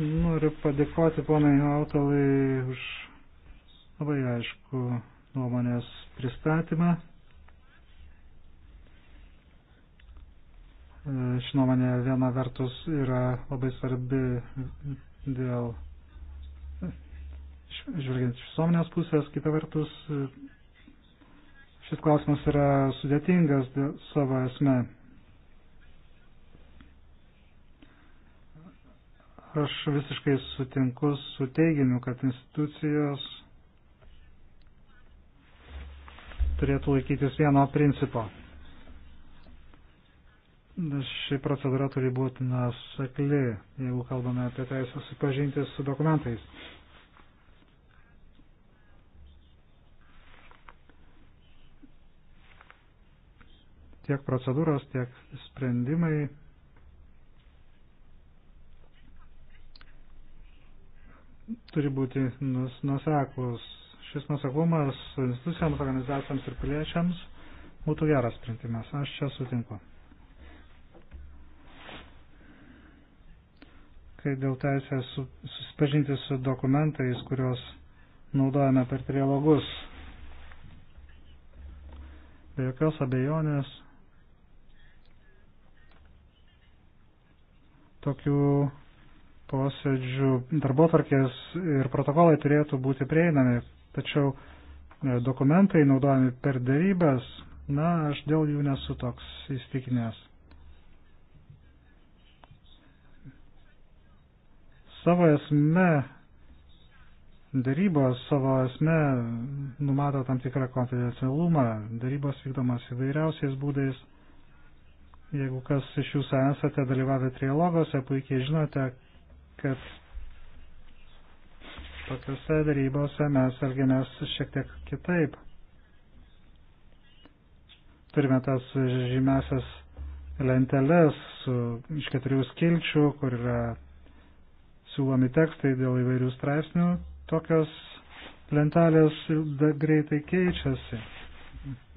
Noriu padėkoti ponai Autalai už labai aišku nuomonės pristatymą. Ši nuomonė viena vertus yra labai svarbi dėl žvelgiant iš visuomenės pusės, kita vertus šis klausimas yra sudėtingas dėl savo esme. Aš visiškai sutinku su teiginiu, kad institucijos turėtų laikytis vieno principo. Ši procedūra turi būti nusekli, jeigu kalbame apie teisę susipažinti su dokumentais. Tiek procedūros, tiek sprendimai turi būti nus, nusaklus. Šis nusaklumas institucijoms, organizacijoms ir piliečiams būtų geras sprendimas. Aš čia sutinku. Kai dėl teisės su, susipažinti su dokumentais, kuriuos naudojame per trialogus, be jokios abejonės, tokių posėdžių darbotvarkės ir protokolai turėtų būti prieinami, tačiau e, dokumentai naudojami per darybas, na, aš dėl jų nesu toks įstikinęs. Savo esme, darybos savo esme numato tam tikrą konfidencialumą, darybos vykdomas įvairiausiais būdais. Jeigu kas iš jūsų esate dalyvavę trialoguose, puikiai žinote, kad tokiuose darybose mes elgiamės šiek tiek kitaip. Turime tas žymesias lenteles su, iš keturių skilčių, kur yra siūlomi tekstai dėl įvairių straipsnių. Tokios lentelės greitai keičiasi.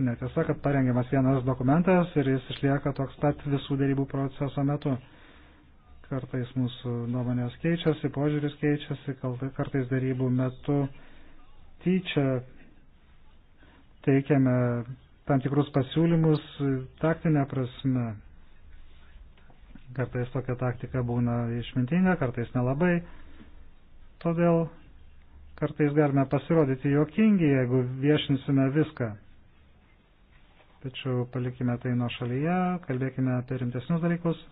Netiesa, kad parengiamas vienas dokumentas ir jis išlieka toks pat visų darybų proceso metu. Kartais mūsų nuomonės keičiasi, požiūris keičiasi, kartais darybų metu tyčia teikiame tam tikrus pasiūlymus taktinę prasme. Kartais tokia taktika būna išmintinga, kartais nelabai. Todėl kartais galime pasirodyti juokingi, jeigu viešinsime viską. Tačiau palikime tai nuo šalyje, kalbėkime apie rimtesnius dalykus.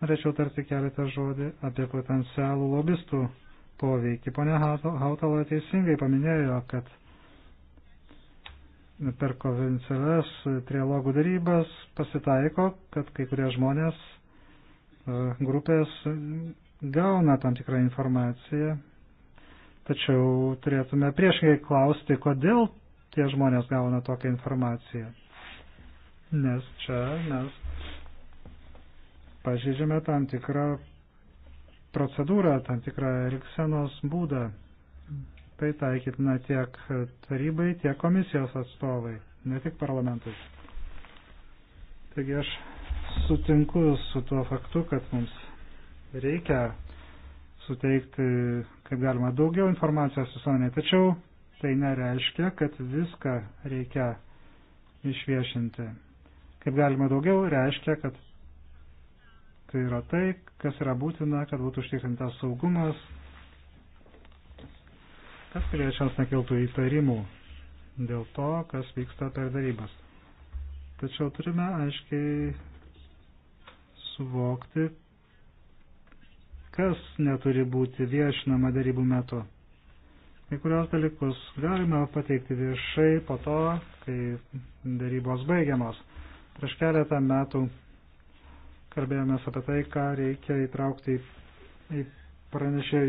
Norėčiau tarti keletą žodį apie potencialų lobistų poveikį. Pone Hautala teisingai paminėjo, kad per konvencialias trialogų darybas pasitaiko, kad kai kurie žmonės e, grupės gauna tam tikrą informaciją, tačiau turėtume priešingai klausti, kodėl tie žmonės gauna tokią informaciją. Nes čia mes pažeidžiame tam tikrą procedūrą, tam tikrą elgsenos būdą. Tai taikytina tiek tarybai, tiek komisijos atstovai, ne tik parlamentui. Taigi aš sutinku su tuo faktu, kad mums reikia suteikti kaip galima daugiau informacijos visuomenė, tačiau tai nereiškia, kad viską reikia išviešinti. Kaip galima daugiau reiškia, kad Tai yra tai, kas yra būtina, kad būtų užtikrintas saugumas, kad piliečiams nekiltų įtarimų dėl to, kas vyksta per darybas. Tačiau turime aiškiai suvokti, kas neturi būti viešinama darybų metu. Kai kurios dalykus galime pateikti viešai po to, kai darybos baigiamos. Prieš keletą metų kalbėjomės apie tai, ką reikia įtraukti į, pranešė,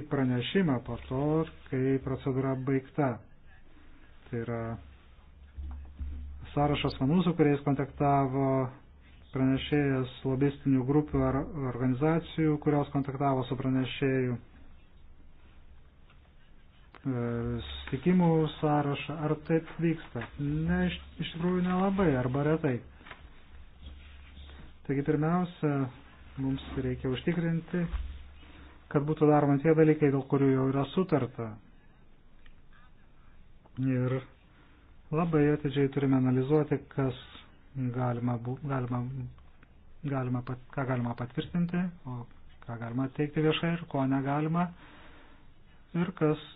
į pranešimą po to, kai procedūra baigta. Tai yra sąrašas manų, su kuriais kontaktavo pranešėjas lobistinių grupių ar organizacijų, kurios kontaktavo su pranešėju susitikimų sąrašą, ar taip vyksta. Ne, iš, iš tikrųjų nelabai, arba retai. Taigi pirmiausia, mums reikia užtikrinti, kad būtų daroma tie dalykai, dėl kurių jau yra sutarta. Ir labai atidžiai turime analizuoti, kas galima, galima, galima, ką galima patvirtinti, o ką galima teikti viešai ir ko negalima. Ir kas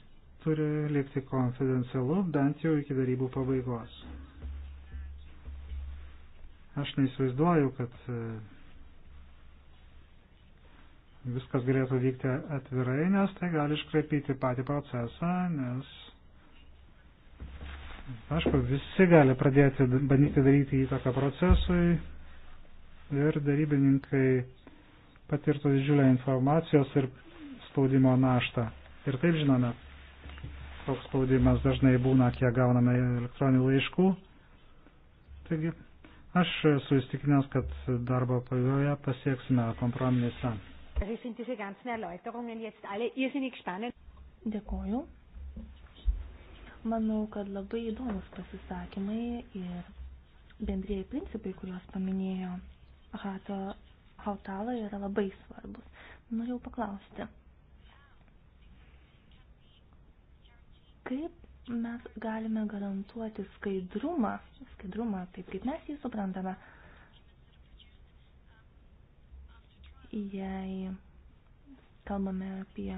turi likti konfidencialu bent jau iki darybų pabaigos. Aš neįsivaizduoju, kad e, viskas galėtų vykti atvirai, nes tai gali iškreipyti patį procesą, nes, aišku, visi gali pradėti bandyti daryti įtaką procesui ir darybininkai patirtų didžiulę informacijos ir spaudimo naštą. Ir taip žinome, koks spaudimas dažnai būna, kiek gauname elektroninių laiškų. Taigi, Aš esu įstikinęs, kad darbo pabaigoje pasieksime kompromisą. Dėkoju. Manau, kad labai įdomus pasisakymai ir bendrieji principai, kuriuos paminėjo Hato Hautala, yra labai svarbus. Norėjau paklausti, kaip mes galime garantuoti skaidrumą, skaidrumą taip kaip mes jį suprantame. Jei kalbame apie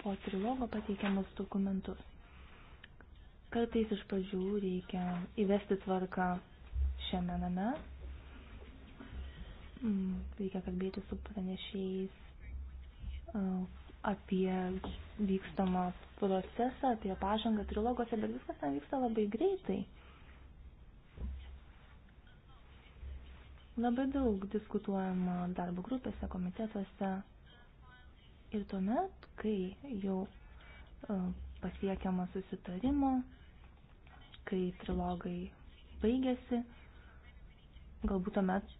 po trilogo pateikiamus dokumentus. Kartais iš pradžių reikia įvesti tvarką šiame name. Mm, reikia kalbėti su pranešėjais, apie vykstamą procesą, apie pažangą trilogose, bet viskas ten vyksta labai greitai. Labai daug diskutuojama darbo grupėse, komitetuose. Ir tuomet, kai jau e, pasiekiama susitarimo, kai trilogai baigėsi, galbūt tuomet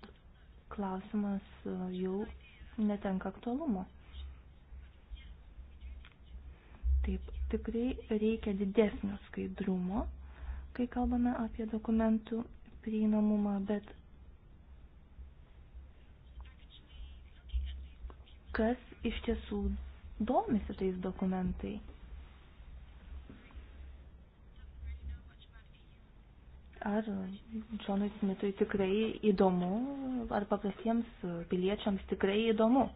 klausimas e, jau netenka aktualumo. Taip, tikrai reikia didesnio skaidrumo, kai kalbame apie dokumentų prieinamumą, bet kas iš tiesų domisi tais dokumentai. Ar Džonui Smitui tikrai įdomu, ar paprastiems piliečiams tikrai įdomu.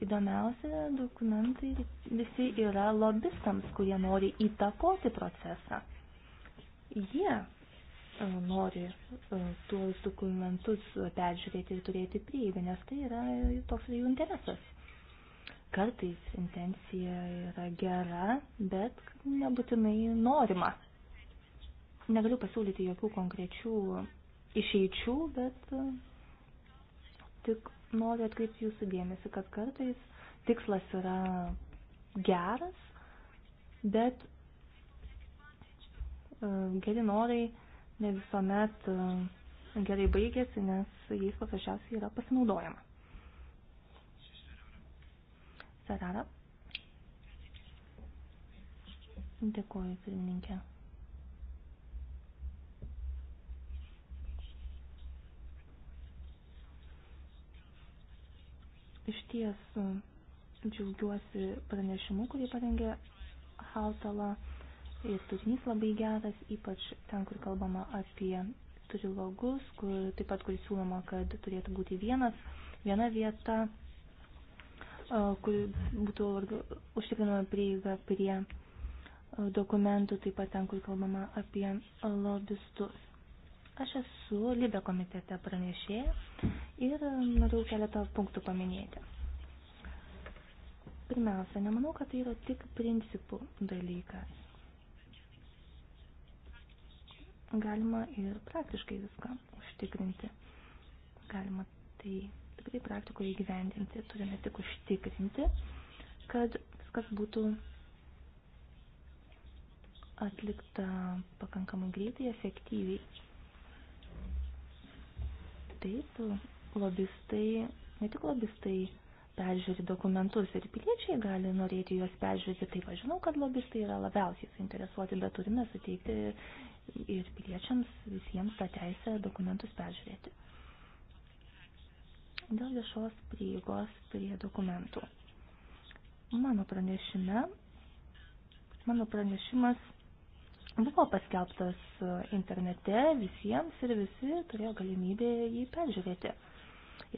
Įdomiausia, dokumentai visi yra lobistams, kurie nori įtakoti procesą. Jie e, nori e, tuos dokumentus peržiūrėti ir turėti prieigą, nes tai yra toks jų interesas. Kartais intencija yra gera, bet nebūtinai norima. Negaliu pasiūlyti jokių konkrečių išeičių, bet e, tik noriu atkreipti jūsų dėmesį, kad kartais tikslas yra geras, bet e, geri norai ne visuomet e, gerai baigėsi, nes jais paprasčiausiai yra pasinaudojama. Sarara. Dėkuoju, pirmininkė. Iš ties e, džiaugiuosi pranešimu, kurį parengė Hautala. Ir turinys labai geras, ypač ten, kur kalbama apie trilogus, kur, taip pat kur siūloma, kad turėtų būti vienas, viena vieta, e, kur būtų užtikrinama prieiga prie e, dokumentų, taip pat ten, kur kalbama apie lobistus. Aš esu Libė komitete pranešėja ir um, noriu keletą punktų paminėti. Pirmiausia, nemanau, kad tai yra tik principų dalykas. Galima ir praktiškai viską užtikrinti. Galima tai tikrai praktikoje įgyvendinti. Turime tik užtikrinti, kad viskas būtų atlikta pakankamai greitai, efektyviai Taip, lobistai, ne tik lobistai peržiūri dokumentus ir piliečiai gali norėti juos peržiūrėti. Taip, aš žinau, kad lobistai yra labiausiai suinteresuoti, bet turime suteikti ir piliečiams visiems tą teisę dokumentus peržiūrėti. Dėl viešos prieigos prie dokumentų. Mano pranešime, mano pranešimas buvo paskelbtas e, internete visiems ir visi turėjo galimybę jį peržiūrėti.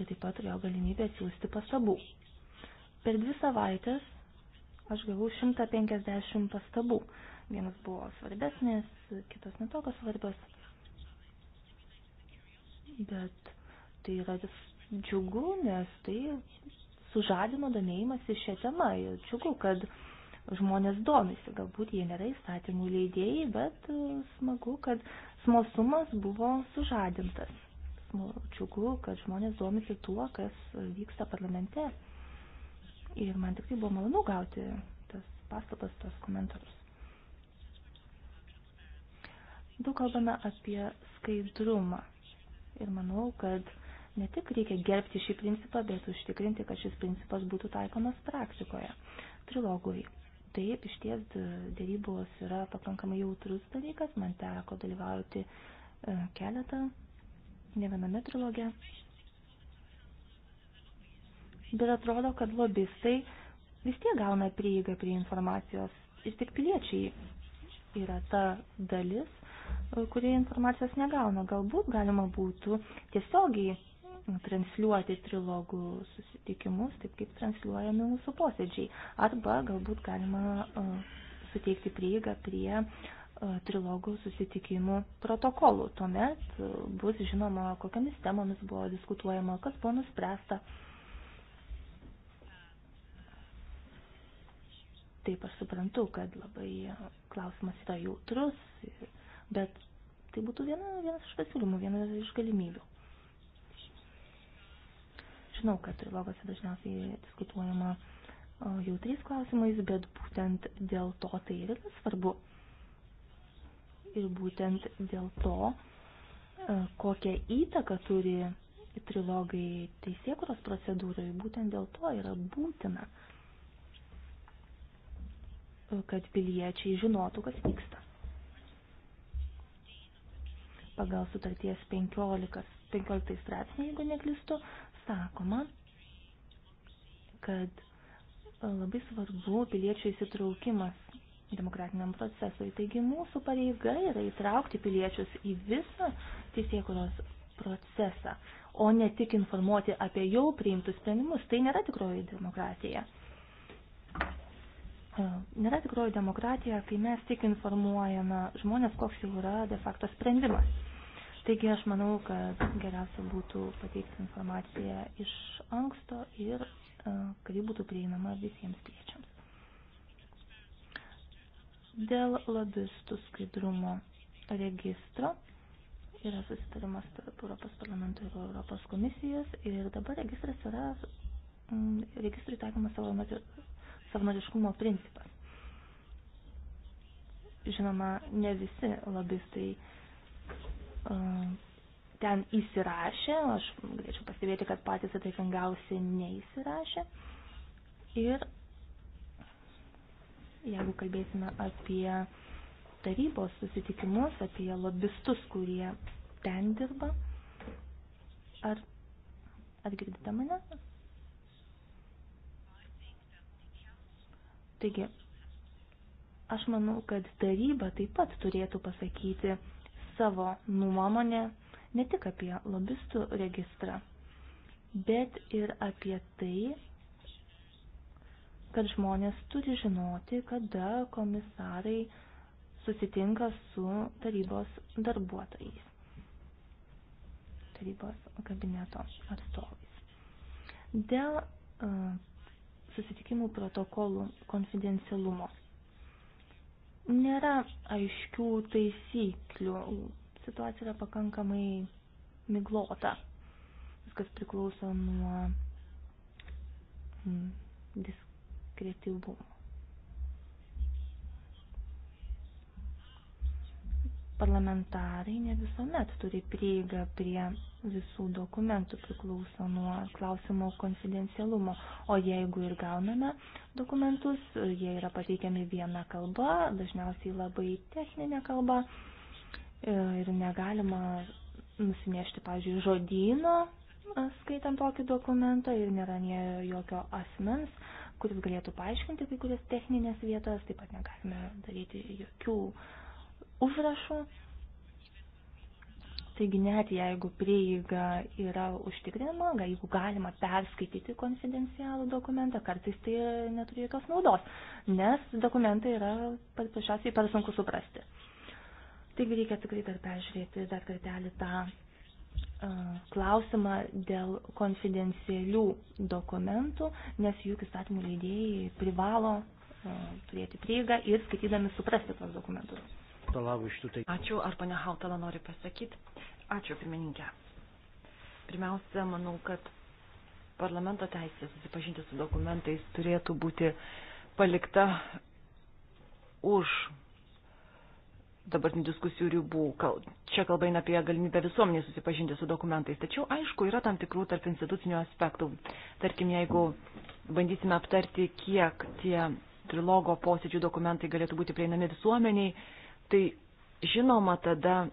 Ir taip pat turėjo galimybę atsiųsti pastabų. Per dvi savaitės aš gavau 150 pastabų. Vienas buvo svarbesnės, kitas netokas svarbios. Bet tai yra džiugu, nes tai sužadino domėjimas į šią temą. Ir džiugu, kad uh, žmonės domisi. Galbūt jie nėra įstatymų leidėjai, bet e, smagu, kad smalsumas buvo sužadintas. Džiugu, kad žmonės domisi tuo, kas vyksta parlamente. Ir man tikrai buvo malonu gauti tas pastabas, tas komentarus. Daug kalbame apie skaidrumą. Ir manau, kad ne tik reikia gerbti šį principą, bet užtikrinti, kad šis principas būtų taikomas praktikoje. Trilogui Taip, iš ties dėrybos yra pakankamai jautrus dalykas, man teko dalyvauti e, keletą, ne viename trilogė. Bet atrodo, kad lobistai vis tiek gauna prieigą prie informacijos ir tik piliečiai yra ta dalis, e, kurie informacijos negauna. Galbūt galima būtų tiesiogiai transliuoti trilogų susitikimus, taip kaip transliuojami mūsų posėdžiai. Arba galbūt galima e, suteikti prieigą prie e, trilogų susitikimų protokolų. Tuomet e, bus žinoma, kokiamis temomis buvo diskutuojama, kas buvo nuspręsta. Taip aš suprantu, kad labai klausimas yra jautrus, bet tai būtų viena, vienas iš pasiūlymų, viena iš galimybių. Žinau, kad trilogose dažniausiai diskutuojama jautriais klausimais, bet būtent dėl to tai ir yra svarbu. Ir būtent dėl to, kokią įtaką turi trilogai teisėkuros procedūrai, būtent dėl to yra būtina, kad piliečiai žinotų, kas vyksta. Pagal sutarties 15, 15 straipsnį, jeigu neklistu, sakoma, kad e, labai svarbu piliečių įsitraukimas demokratiniam procesui. Taigi mūsų pareiga yra įtraukti piliečius į visą teisėkuros procesą, o ne tik informuoti apie jau priimtus sprendimus. Tai nėra tikroji demokratija. E, nėra tikroji demokratija, kai mes tik informuojame žmonės, koks jau yra de facto sprendimas. Taigi aš manau, kad geriausia būtų pateikti informaciją iš anksto ir e, kad ji būtų prieinama visiems piliečiams. Dėl lobistų skaidrumo registro yra susitarimas tarp Europos parlamento ir Europos komisijos ir dabar registras yra registrui taikomas savanoriškumo principas. Žinoma, ne visi lobistai uh, ten įsirašė, aš galėčiau pastebėti, kad patys atsakingiausi neįsirašė. Ir jeigu kalbėsime apie tarybos susitikimus, apie lobistus, kurie ten dirba, ar atgirdite mane? Taigi, aš manau, kad taryba taip pat turėtų pasakyti, savo nuomonę ne tik apie lobistų registrą, bet ir apie tai, kad žmonės turi žinoti, kada komisarai susitinka su tarybos darbuotojais, tarybos kabineto atstovais. Dėl uh, susitikimų protokolų konfidencialumo. Nėra aiškių taisyklių. Situacija yra pakankamai miglota. Viskas priklauso nuo mm, diskretyvumo. parlamentarai ne visuomet turi prieigą prie visų dokumentų priklauso nuo klausimo konfidencialumo, o jeigu ir gauname dokumentus, jie yra pateikiami viena kalba, dažniausiai labai techninė kalba ir negalima nusinešti, pavyzdžiui, žodyno, skaitant tokį dokumentą ir nėra nie jokio asmens, kuris galėtų paaiškinti kai kurias techninės vietas, taip pat negalime daryti jokių uh, užrašų. Taigi net jeigu prieiga yra užtikrinama, jeigu galima perskaityti konfidencialų dokumentą, kartais tai neturi jokios naudos, nes dokumentai yra paprasčiausiai per sunku suprasti. Taigi reikia tikrai dar peržiūrėti dar kartelį tą klausimą dėl konfidencialių dokumentų, nes juk įstatymų leidėjai privalo turėti prieigą ir skaitydami suprasti tos dokumentus. Tai- Ačiū, ar ponia Hautala nori pasakyti? Ačiū, pirmininkė. Pirmiausia, manau, kad parlamento teisė susipažinti su dokumentais turėtų būti palikta už dabartinių diskusijų ribų. Čia kalba eina apie galimybę visuomenį susipažinti su dokumentais. Tačiau, aišku, yra tam tikrų tarp institucinių aspektų. Tarkim, jeigu bandysime aptarti, kiek tie trilogo posėdžių dokumentai galėtų būti prieinami visuomeniai, tai žinoma tada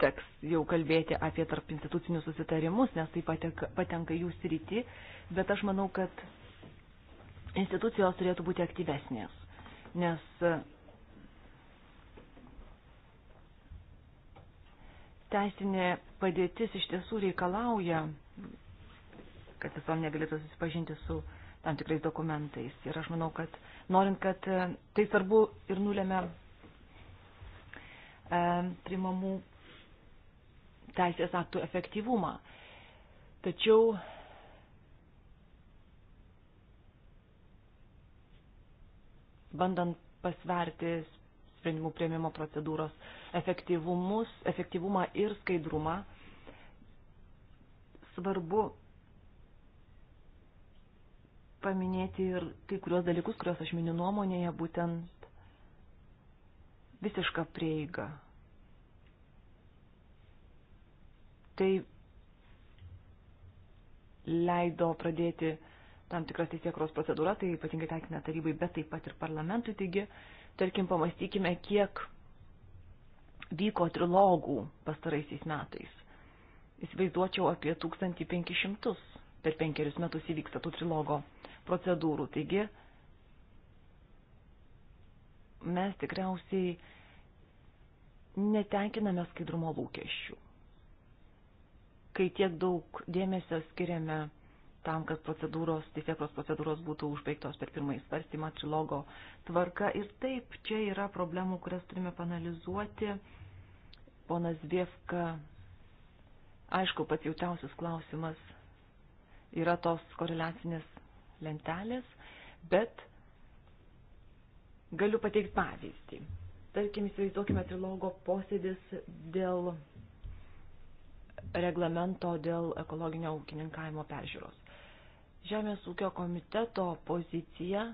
teks jau kalbėti apie tarp institucinius susitarimus, nes tai patenka, patenka jų srity, bet aš manau, kad institucijos turėtų būti aktyvesnės, nes teisinė padėtis iš tiesų reikalauja, kad visuomenė galėtų susipažinti su tam tikrais dokumentais. Ir aš manau, kad norint, kad e, tai svarbu ir nulėmė e, primamų teisės aktų efektyvumą. Tačiau bandant pasverti sprendimų prieimimo procedūros efektyvumą ir skaidrumą, svarbu paminėti ir kai kurios dalykus, kuriuos aš miniu nuomonėje, būtent visišką prieigą. Tai leido pradėti tam tikras teisėkros procedūra, tai ypatingai taikina tarybai, bet taip pat ir parlamentui. Taigi, tarkim, pamastykime, kiek vyko trilogų pastaraisiais metais. Įsivaizduočiau apie 1500 per penkerius metus įvyksta tų trilogo procedūrų. Taigi mes tikriausiai netenkiname skaidrumo lūkesčių. Kai tiek daug dėmesio skiriame tam, kad procedūros, teisėkros procedūros būtų užbaigtos per pirmąjį svarstymą trilogo tvarka. Ir taip, čia yra problemų, kurias turime panalizuoti. Ponas Vievka, aišku, pats jautiausias klausimas yra tos koreliacinės lentelės, bet galiu pateikti pavyzdį. Tarkim, įsivaizduokime trilogo posėdis dėl reglamento dėl ekologinio ūkininkavimo peržiūros. Žemės ūkio komiteto pozicija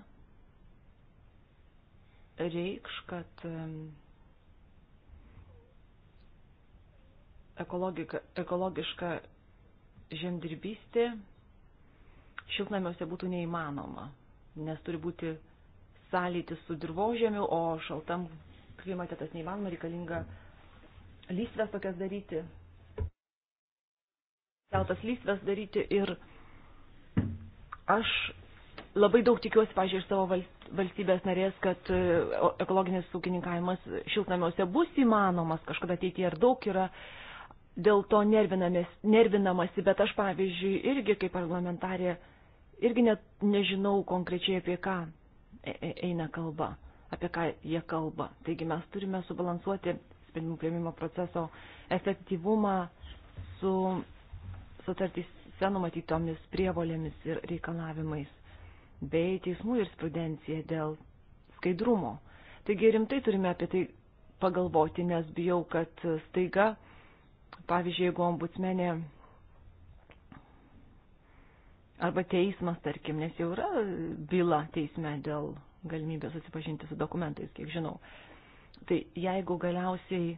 reikš, kad ekologiška žemdirbystė šiltnamiuose būtų neįmanoma, nes turi būti sąlytis su dirbožėmiu, o šaltam klimate tas neįmanoma, reikalinga lysves tokias daryti, keltas lysves daryti ir aš labai daug tikiuosi, pažiūrėjau, iš savo valstybės narės, kad e, ekologinis ūkininkavimas šiltnamiuose bus įmanomas kažkada ateityje ir daug yra dėl to nervinamasi, bet aš, pavyzdžiui, irgi kaip parlamentarė irgi net nežinau konkrečiai apie ką e, e, eina kalba, apie ką jie kalba. Taigi mes turime subalansuoti sprendimų prieimimo proceso efektyvumą su sutartyse numatytomis prievolėmis ir reikalavimais, bei teismų ir sprudencija dėl skaidrumo. Taigi rimtai turime apie tai pagalvoti, nes bijau, kad staiga, pavyzdžiui, jeigu ombudsmenė arba teismas, tarkim, nes jau yra byla teisme dėl galimybės susipažinti su dokumentais, kiek žinau. Tai jeigu galiausiai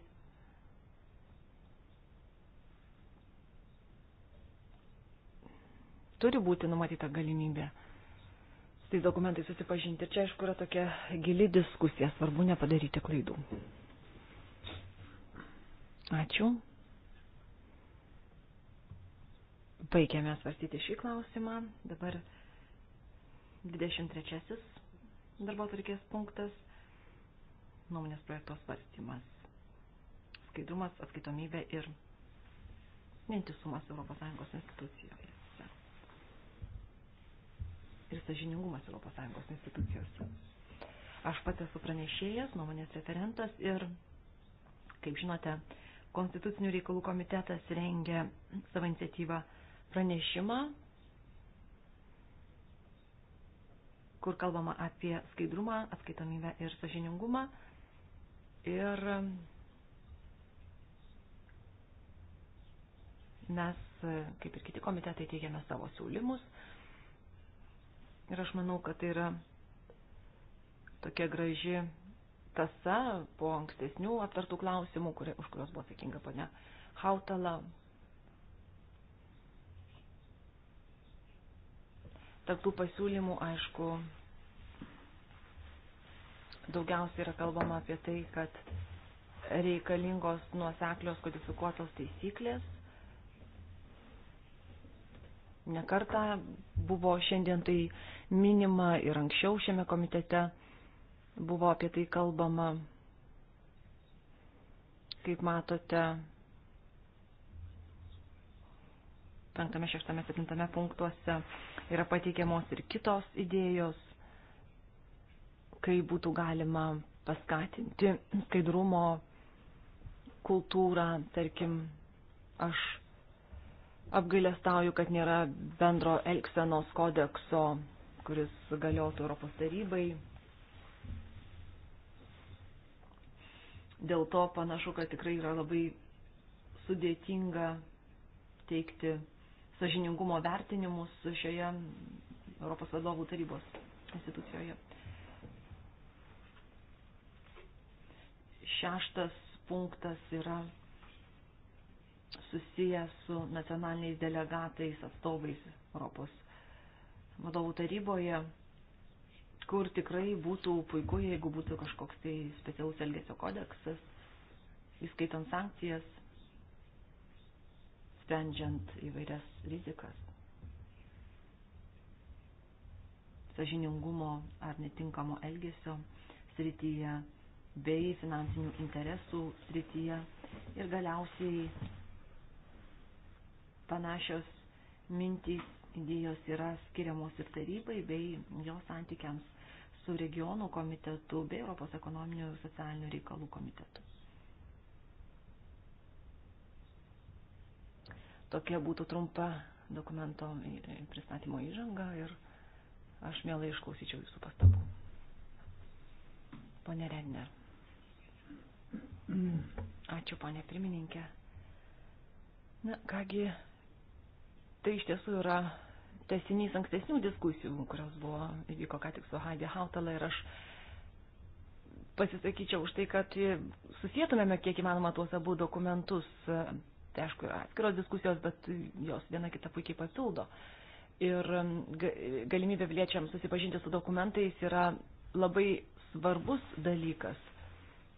turi būti numatyta galimybė su tais dokumentais susipažinti. Ir čia, aišku, yra tokia gili diskusija, svarbu nepadaryti klaidų. Ačiū. Baigiame svarstyti šį klausimą. Dabar 23 darbo tvarkės punktas - nuomonės projektos svarstymas. Skaidrumas, atskaitomybė ir vientisumas ES institucijose. Ir sažiningumas ES institucijose. Aš pats esu pranešėjas, nuomonės referentas ir, kaip žinote, Konstitucinių reikalų komitetas rengia savo iniciatyvą pranešimą, kur kalbama apie skaidrumą, atskaitomybę ir sažiningumą. Ir mes, kaip ir kiti komitetai, teikiame savo siūlymus. Ir aš manau, kad tai yra tokia graži tasa po ankstesnių aptartų klausimų, kurie, už kurios buvo atsakinga ponia Hautala, Tarptų pasiūlymų, aišku, daugiausiai yra kalbama apie tai, kad reikalingos nuoseklios kodifikuotos taisyklės. Nekarta buvo šiandien tai minima ir anksčiau šiame komitete buvo apie tai kalbama. Kaip matote, 5, 6, 7 punktuose yra pateikiamos ir kitos idėjos, kaip būtų galima paskatinti skaidrumo kultūrą, tarkim, aš apgailestauju, kad nėra bendro elksenos kodekso, kuris galiotų Europos tarybai. Dėl to panašu, kad tikrai yra labai sudėtinga teikti sažiningumo vertinimus šioje Europos vadovų tarybos institucijoje. Šeštas punktas yra susijęs su nacionaliniais delegatais atstovais Europos vadovų taryboje, kur tikrai būtų puiku, jeigu būtų kažkoks tai specialus elgesio kodeksas, įskaitant sankcijas sprendžiant įvairias rizikas. Sažiningumo ar netinkamo elgesio srityje bei finansinių interesų srityje ir galiausiai panašios mintys, idėjos yra skiriamos ir tarybai bei jos santykiams su regionų komitetu bei Europos ekonominių ir socialinių reikalų komitetu. Tokia būtų trumpa dokumento pristatymo įžanga ir aš mielai išklausyčiau jūsų pastabų. Pone Renner. Ačiū, ponė pirmininkė. Na, kągi, tai iš tiesų yra tesinys ankstesnių diskusijų, kurios buvo, įvyko ką tik su Haidė Hautala ir aš pasisakyčiau už tai, kad susietumėme kiek įmanoma tuos abu dokumentus tai aišku, yra atskiros diskusijos, bet jos viena kita puikiai papildo. Ir um, galimybė piliečiams susipažinti su dokumentais yra labai svarbus dalykas.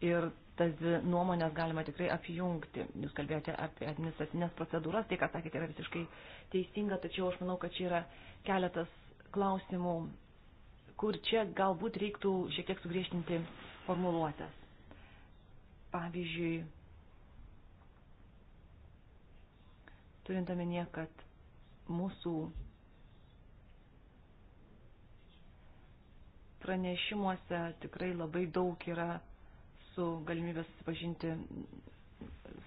Ir tas dvi nuomonės galima tikrai apjungti. Jūs kalbėjote apie administracinės procedūras, tai, ką sakėte, yra visiškai teisinga, tačiau aš manau, kad čia yra keletas klausimų, kur čia galbūt reiktų šiek tiek sugriežtinti formuluotės. Pavyzdžiui, turint omenyje, kad mūsų pranešimuose tikrai labai daug yra su galimybė susipažinti,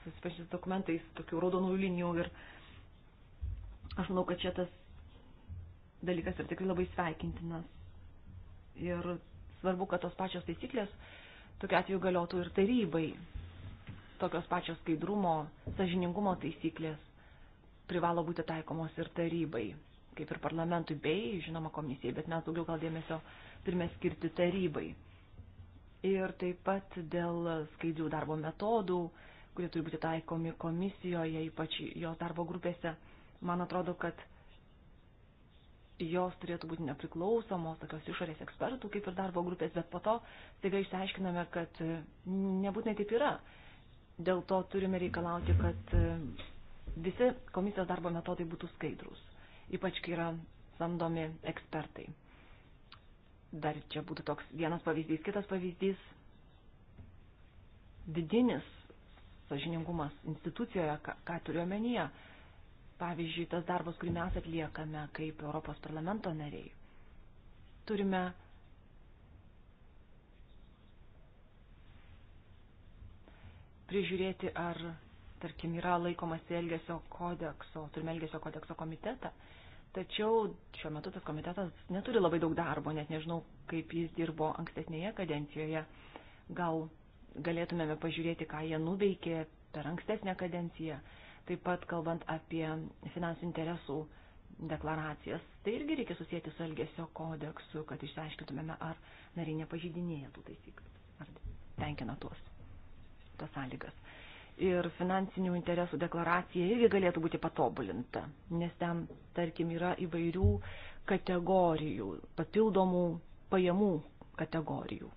susipažinti su dokumentais, tokių raudonų linijų ir aš manau, kad čia tas dalykas yra tikrai labai sveikintinas. Ir svarbu, kad tos pačios taisyklės tokiu atveju galiotų ir tarybai. Tokios pačios skaidrumo, sažiningumo taisyklės privalo būti taikomos ir tarybai, kaip ir parlamentui bei, žinoma, komisijai, bet mes daugiau gal dėmesio turime skirti tarybai. Ir taip pat dėl skaidrių darbo metodų, kurie turi būti taikomi komisijoje, ypač jos darbo grupėse, man atrodo, kad jos turėtų būti nepriklausomos, tokios išorės ekspertų, kaip ir darbo grupės, bet po to staiga išsiaiškiname, kad nebūtinai taip yra. Dėl to turime reikalauti, kad visi komisijos darbo metodai būtų skaidrus, ypač kai yra samdomi ekspertai. Dar čia būtų toks vienas pavyzdys, kitas pavyzdys. Vidinis sažiningumas institucijoje, ką, ką turiu omenyje. Pavyzdžiui, tas darbas, kurį mes atliekame kaip Europos parlamento nariai. Turime prižiūrėti, ar tarkim, yra laikomasi Elgesio kodekso, turime Elgesio kodekso komitetą, tačiau šiuo metu tas komitetas neturi labai daug darbo, net nežinau, kaip jis dirbo ankstesnėje kadencijoje. Gal galėtumėme pažiūrėti, ką jie nuveikė per ankstesnę kadenciją, taip pat kalbant apie finansų interesų deklaracijas, tai irgi reikia susijęti su Elgesio kodeksu, kad išsiaiškintumėme, ar nariai nepažydinėja tų taisyklių, ar tenkina tuos tas sąlygas ir finansinių interesų deklaracija irgi galėtų būti patobulinta, nes ten, tarkim, yra įvairių kategorijų, papildomų pajamų kategorijų.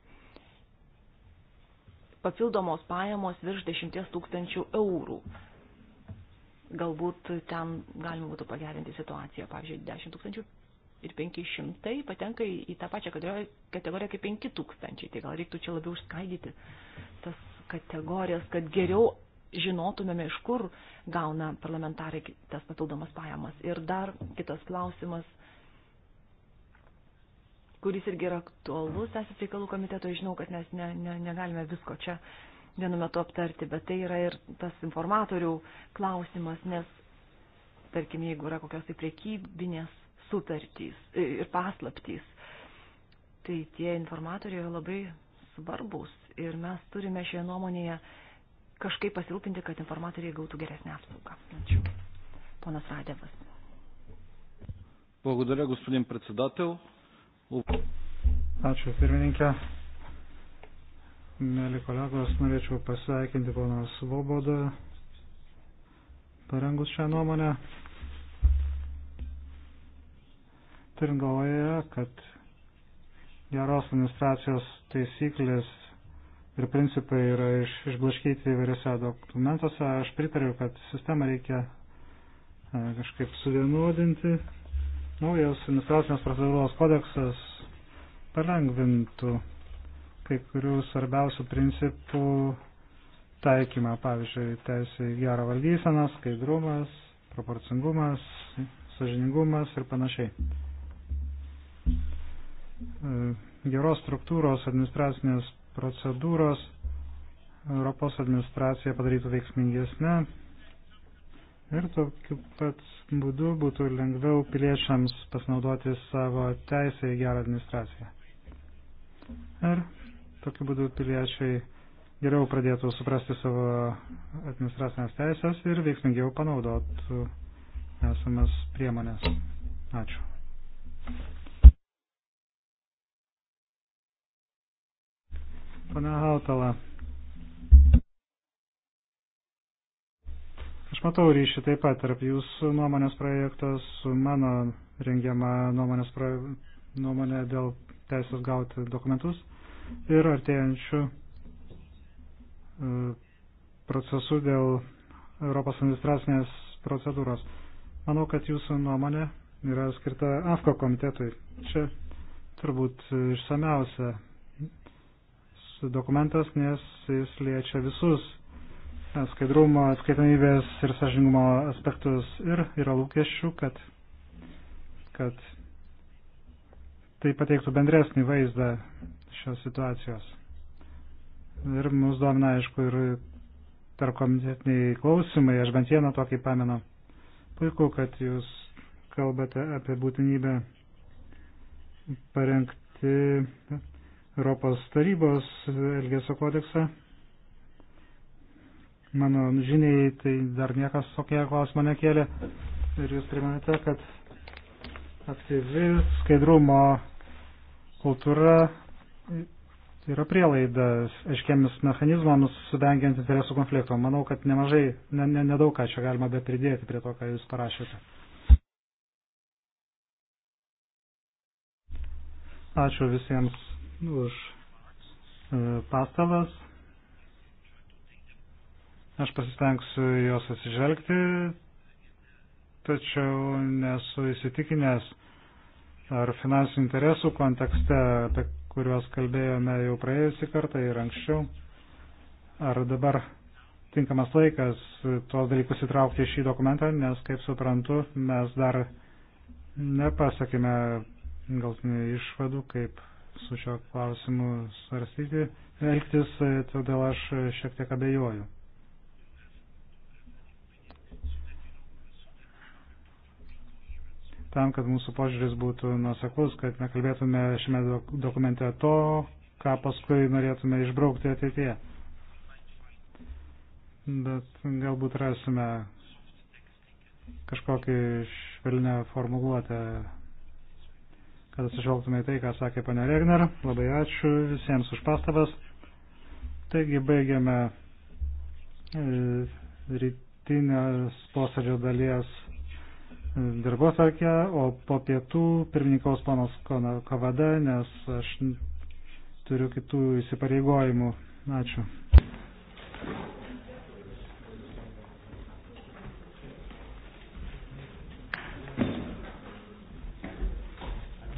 Papildomos pajamos virš 10 tūkstančių eurų. Galbūt ten galima būtų pagerinti situaciją, pavyzdžiui, 10 tūkstančių ir 500 patenka į tą pačią kategoriją kaip 5 tūkstančiai. Tai gal reiktų čia labiau užskaidyti tas kategorijas, kad geriau žinotumėme, iš kur gauna parlamentarai tas papildomas pajamas. Ir dar kitas klausimas, kuris irgi yra aktualus, esate reikalų komiteto, žinau, kad mes ne, ne, negalime visko čia vienu metu aptarti, bet tai yra ir tas informatorių klausimas, nes, tarkim, jeigu yra kokios tai priekybinės sutartys e, ir paslaptys, tai tie informatoriai yra labai svarbus ir mes turime šioje nuomonėje kažkaip pasirūpinti, kad informatoriai gautų geresnę apsaugą. Ačiū. Ponas Radėvas. Благодаря, господин председател. Ačiū, pirmininkė. Mėly kolegos, norėčiau pasveikinti poną Svobodą, parengus šią nuomonę. Turint galvoje, kad geros administracijos taisyklės ir principai yra iš, išblaškyti įvairiose dokumentuose. Aš pritariu, kad sistemą reikia e, kažkaip suvienodinti. Naujas administracinės procedūros kodeksas palengvintų kai kurių svarbiausių principų taikymą, pavyzdžiui, teisė į gerą valdyseną, skaidrumas, proporcingumas, sažiningumas ir panašiai. E, geros struktūros administracinės procedūros Europos administracija padarytų veiksmingesnę ir tokiu pat būdu būtų lengviau piliečiams pasinaudoti savo teisę į gerą administraciją. Ir tokiu būdu piliečiai geriau pradėtų suprasti savo administracinės teisės ir veiksmingiau panaudotų esamas priemonės. Ačiū. Pane Hautala. Aš matau ryšį taip pat tarp jūsų nuomonės projekto su mano rengiama nuomonės pro... nuomonė dėl teisės gauti dokumentus ir artėjančių e, procesų dėl Europos administracinės procedūros. Manau, kad jūsų nuomonė yra skirta AFKO komitetui. Čia turbūt išsameusia dokumentas, nes jis liečia visus skaidrumo, atskaitomybės ir sažingumo aspektus ir yra lūkesčių, kad, kad tai pateiktų bendresnį vaizdą šios situacijos. Ir mus domina, aišku, ir per komitetiniai klausimai, aš bent vieną tokį pamenu. Puiku, kad jūs kalbate apie būtinybę parengti Europos tarybos Elgėsio kodeksą. Mano žiniai, tai dar niekas tokie klausimą nekėlė. Ir jūs priminate, kad aktyvi skaidrumo kultūra yra prielaida aiškiamis mechanizmams sudengiant interesų konflikto. Manau, kad nemažai, ne, ne, nedaug ką čia galima be pridėti prie to, ką jūs parašėte. Ačiū visiems už e, pastabas. Aš pasistengsiu jos atsižvelgti, tačiau nesu įsitikinęs, ar finansinių interesų kontekste, apie kuriuos kalbėjome jau praėjusį kartą ir anksčiau, ar dabar tinkamas laikas tuos dalykus įtraukti į šį dokumentą, nes, kaip suprantu, mes dar nepasakėme galtinių išvadų, kaip su šio klausimu svarstyti, elgtis, e, todėl aš e, šiek tiek abejoju. Tam, kad mūsų požiūris būtų nuoseklus, kad nekalbėtume šiame dokumente to, ką paskui norėtume išbraukti ateityje. Bet galbūt rasime kažkokį švelnę formuluotę kad atsižvelgtume į tai, ką sakė pane Regner. Labai ačiū visiems už pastabas. Taigi baigiame e, rytinės posėdžio dalies e, darbotvarkę, o po pietų pirmininkaus ponas Kavada, nes aš turiu kitų įsipareigojimų. Ačiū.